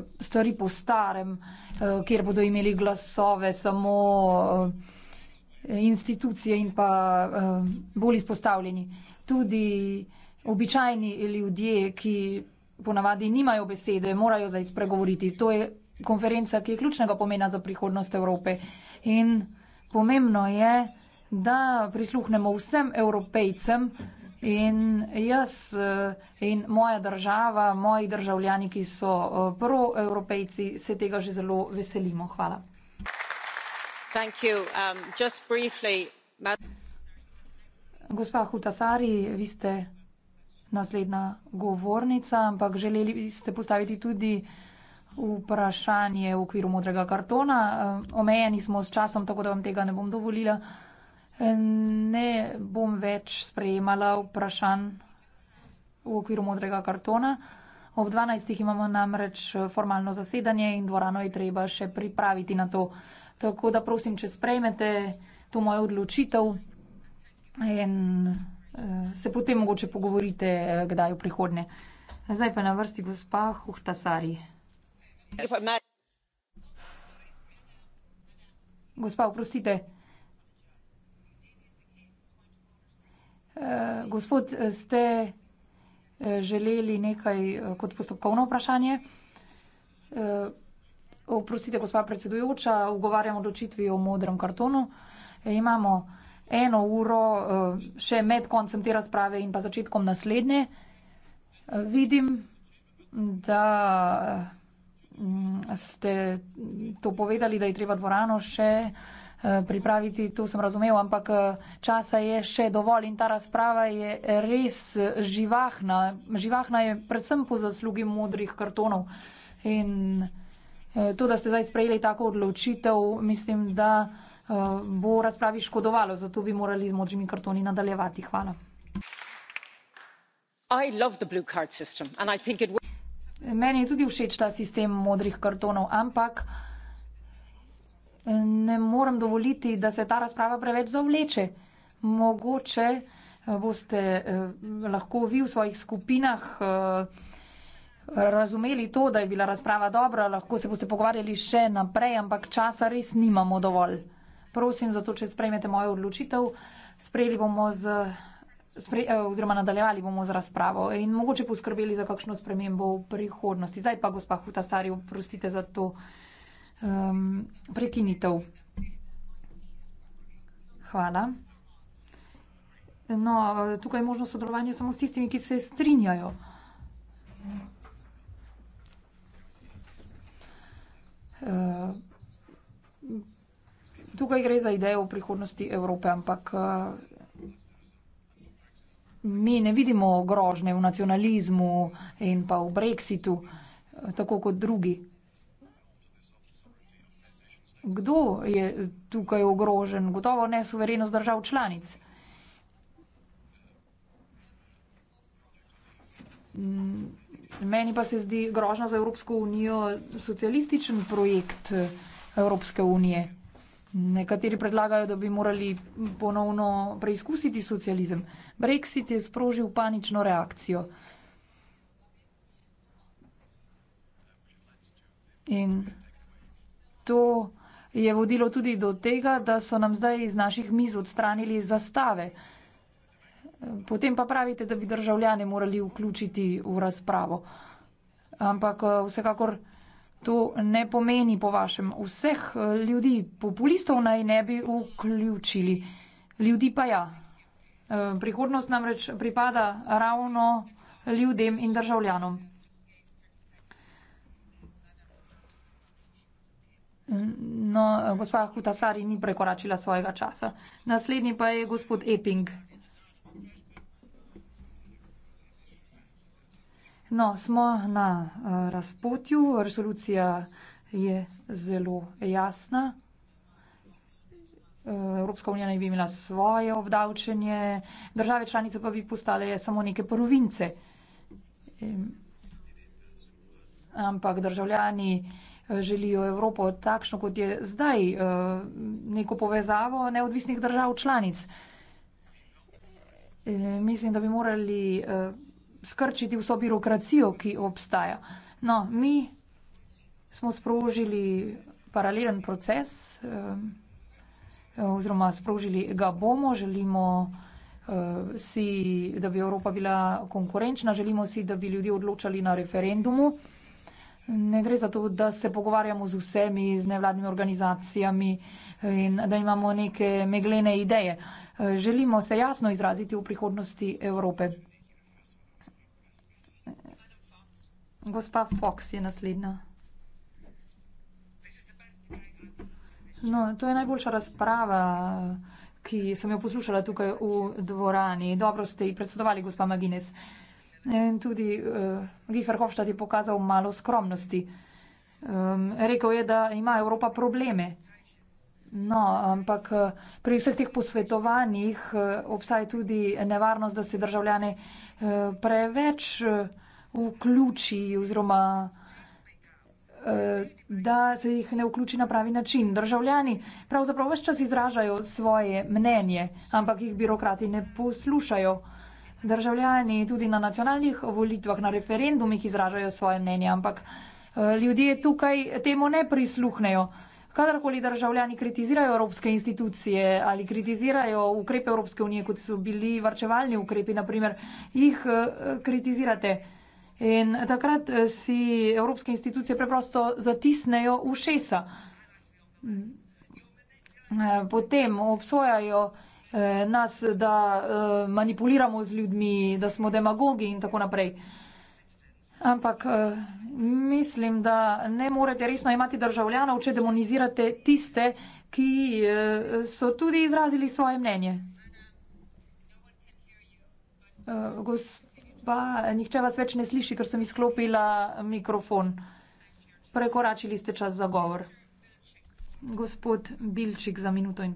e, stvari po starem, e, kjer bodo imeli glasove samo institucije in pa bolj izpostavljeni. Tudi običajni ljudje, ki ponavadi nimajo besede, morajo zdaj spregovoriti. To je konferenca, ki je ključnega pomena za prihodnost Evrope. In pomembno je, da prisluhnemo vsem evropejcem in jaz eh, in moja država, moji državljani, ki so eh, proevropejci, se tega že zelo veselimo. Hvala. Um, Gospa Hutasari, vi ste naslednja govornica, ampak želeli ste postaviti tudi vprašanje v okviru modrega kartona. Eh, omejeni smo s časom, tako da vam tega ne bom dovolila. Eh, ne bom več sprejemala vprašanj v okviru modrega kartona. Ob 12. imamo namreč eh, formalno zasedanje in dvorano je treba še pripraviti na to. Tako da prosim, če sprejmete to mojo odločitev in se potem mogoče pogovorite, kdaj v prihodnje. Zdaj pa na vrsti gospa Huhtasari. Gospa, oprostite. Eh, gospod, ste eh, želeli nekaj eh, kot postopkovno vprašanje? Oprostite, gospa predsedujoča, ugovarjam odločitvi o modrem kartonu. Imamo eno uro še med koncem te razprave in pa začetkom naslednje. Vidim, da Mm, ste to povedali, da je treba dvorano še eh, pripraviti, to sem razumel, ampak eh, časa je še dovolj in ta razprava je res živahna. Živahna je predvsem po zaslugi modrih kartonov. In eh, to, da ste zdaj sprejeli tako odločitev, mislim, da bo razpravi škodovalo, zato bi morali z modrimi kartoni nadaljevati. Hvala. I love the blue card system and I think it works. Meni je tudi všeč ta sistem modrih kartonov, ampak ne morem dovoliti, da se ta razprava preveč zavleče. Mogoče eh, boste eh, lahko vi v svojih skupinah eh, razumeli to, da je bila razprava dobra, lahko se boste pogovarjali še naprej, ampak časa res nimamo dovolj. Prosim zato, če sprejmete mojo odločitev. Sprejeli bomo z spre, eh, oziroma nadaljevali bomo z razpravo in mogoče poskrbeli za kakšno spremembo v prihodnosti. Zdaj pa, gospa Hutasari, oprostite za to um, prekinitev. Hvala. No, eh, tukaj je možno sodelovanje samo s tistimi, ki se strinjajo. Uh, tukaj gre za idejo o prihodnosti Evrope, ampak uh, mi ne vidimo grožnje v nacionalizmu in pa v brexitu, tako kot drugi. Kdo je tukaj ogrožen? Gotovo ne suverenost držav članic. Meni pa se zdi grožna za Evropsko unijo socialističen projekt Evropske unije. Nekateri predlagajo, da bi morali ponovno preizkusiti socializem. Brexit je sprožil panično reakcijo. In to je vodilo tudi do tega, da so nam zdaj iz naših miz odstranili zastave. Potem pa pravite, da bi državljane morali vključiti v razpravo. Ampak eh, vsekakor to ne pomeni po vašem vseh eh, ljudi, populistov naj ne bi vključili, ljudi pa ja. Eh, prihodnost namreč pripada ravno ljudem in državljanom. No, eh, gospa Hutasari ni prekoračila svojega časa. Naslednji pa je gospod Epping. No, smo na uh, razpotju, resolucija je zelo jasna. Eh, Evropska unija naj bi imela svoje obdavčenje, države članice pa bi postale samo neke province. Ampak državljani eh, želijo Evropo takšno, kot je zdaj, neko povezavo neodvisnih držav članic. Mislim, da bi morali skrčiti vso birokracijo, ki obstaja. No, mi smo sprožili paralelen proces eh, oziroma sprožili ga bomo, želimo eh, si, da bi Evropa bila konkurenčna, želimo si, da bi ljudje odločali na referendumu. Ne gre za to, da se pogovarjamo z vsemi, z nevladnimi organizacijami eh, in da imamo neke meglene ideje. Želimo se jasno izraziti v prihodnosti Evrope. Gospa Fox je naslednja. No, to je najboljša razprava, ki sem jo poslušala tukaj v dvorani. Dobro ste ji predsedovali, gospa Magines. In tudi uh, Gifer Hofstadt je pokazal malo skromnosti. Um, rekel je, da ima Evropa probleme. No, ampak eh, pri vseh teh posvetovanjih eh, obstaja tudi nevarnost, da se državljane preveč vključi oziroma eh, da se jih ne vključi na pravi način. Državljani pravzaprav vse čas izražajo svoje mnenje, ampak jih birokrati ne poslušajo. Državljani tudi na nacionalnih volitvah, na referendumih izražajo svoje mnenje, ampak eh, ljudje tukaj temu ne prisluhnejo. Kadarkoli državljani kritizirajo evropske institucije ali kritizirajo ukrepe Evropske unije, kot so bili varčevalni ukrepi, naprimer, jih eh, kritizirate. In takrat eh, si evropske institucije preprosto zatisnejo v šesa. Mm. Eh, potem obsojajo eh, nas, da manipuliramo z ljudmi, da smo demagogi in tako naprej. Ampak mislim, da ne morete resno imati državljanov, če demonizirate tiste, ki so tudi izrazili svoje mnenje. Gospod pa nihče vas več ne sliši, ker sem izklopila mikrofon. Prekoračili ste čas za govor. Gospod Bilčik za minuto in pol.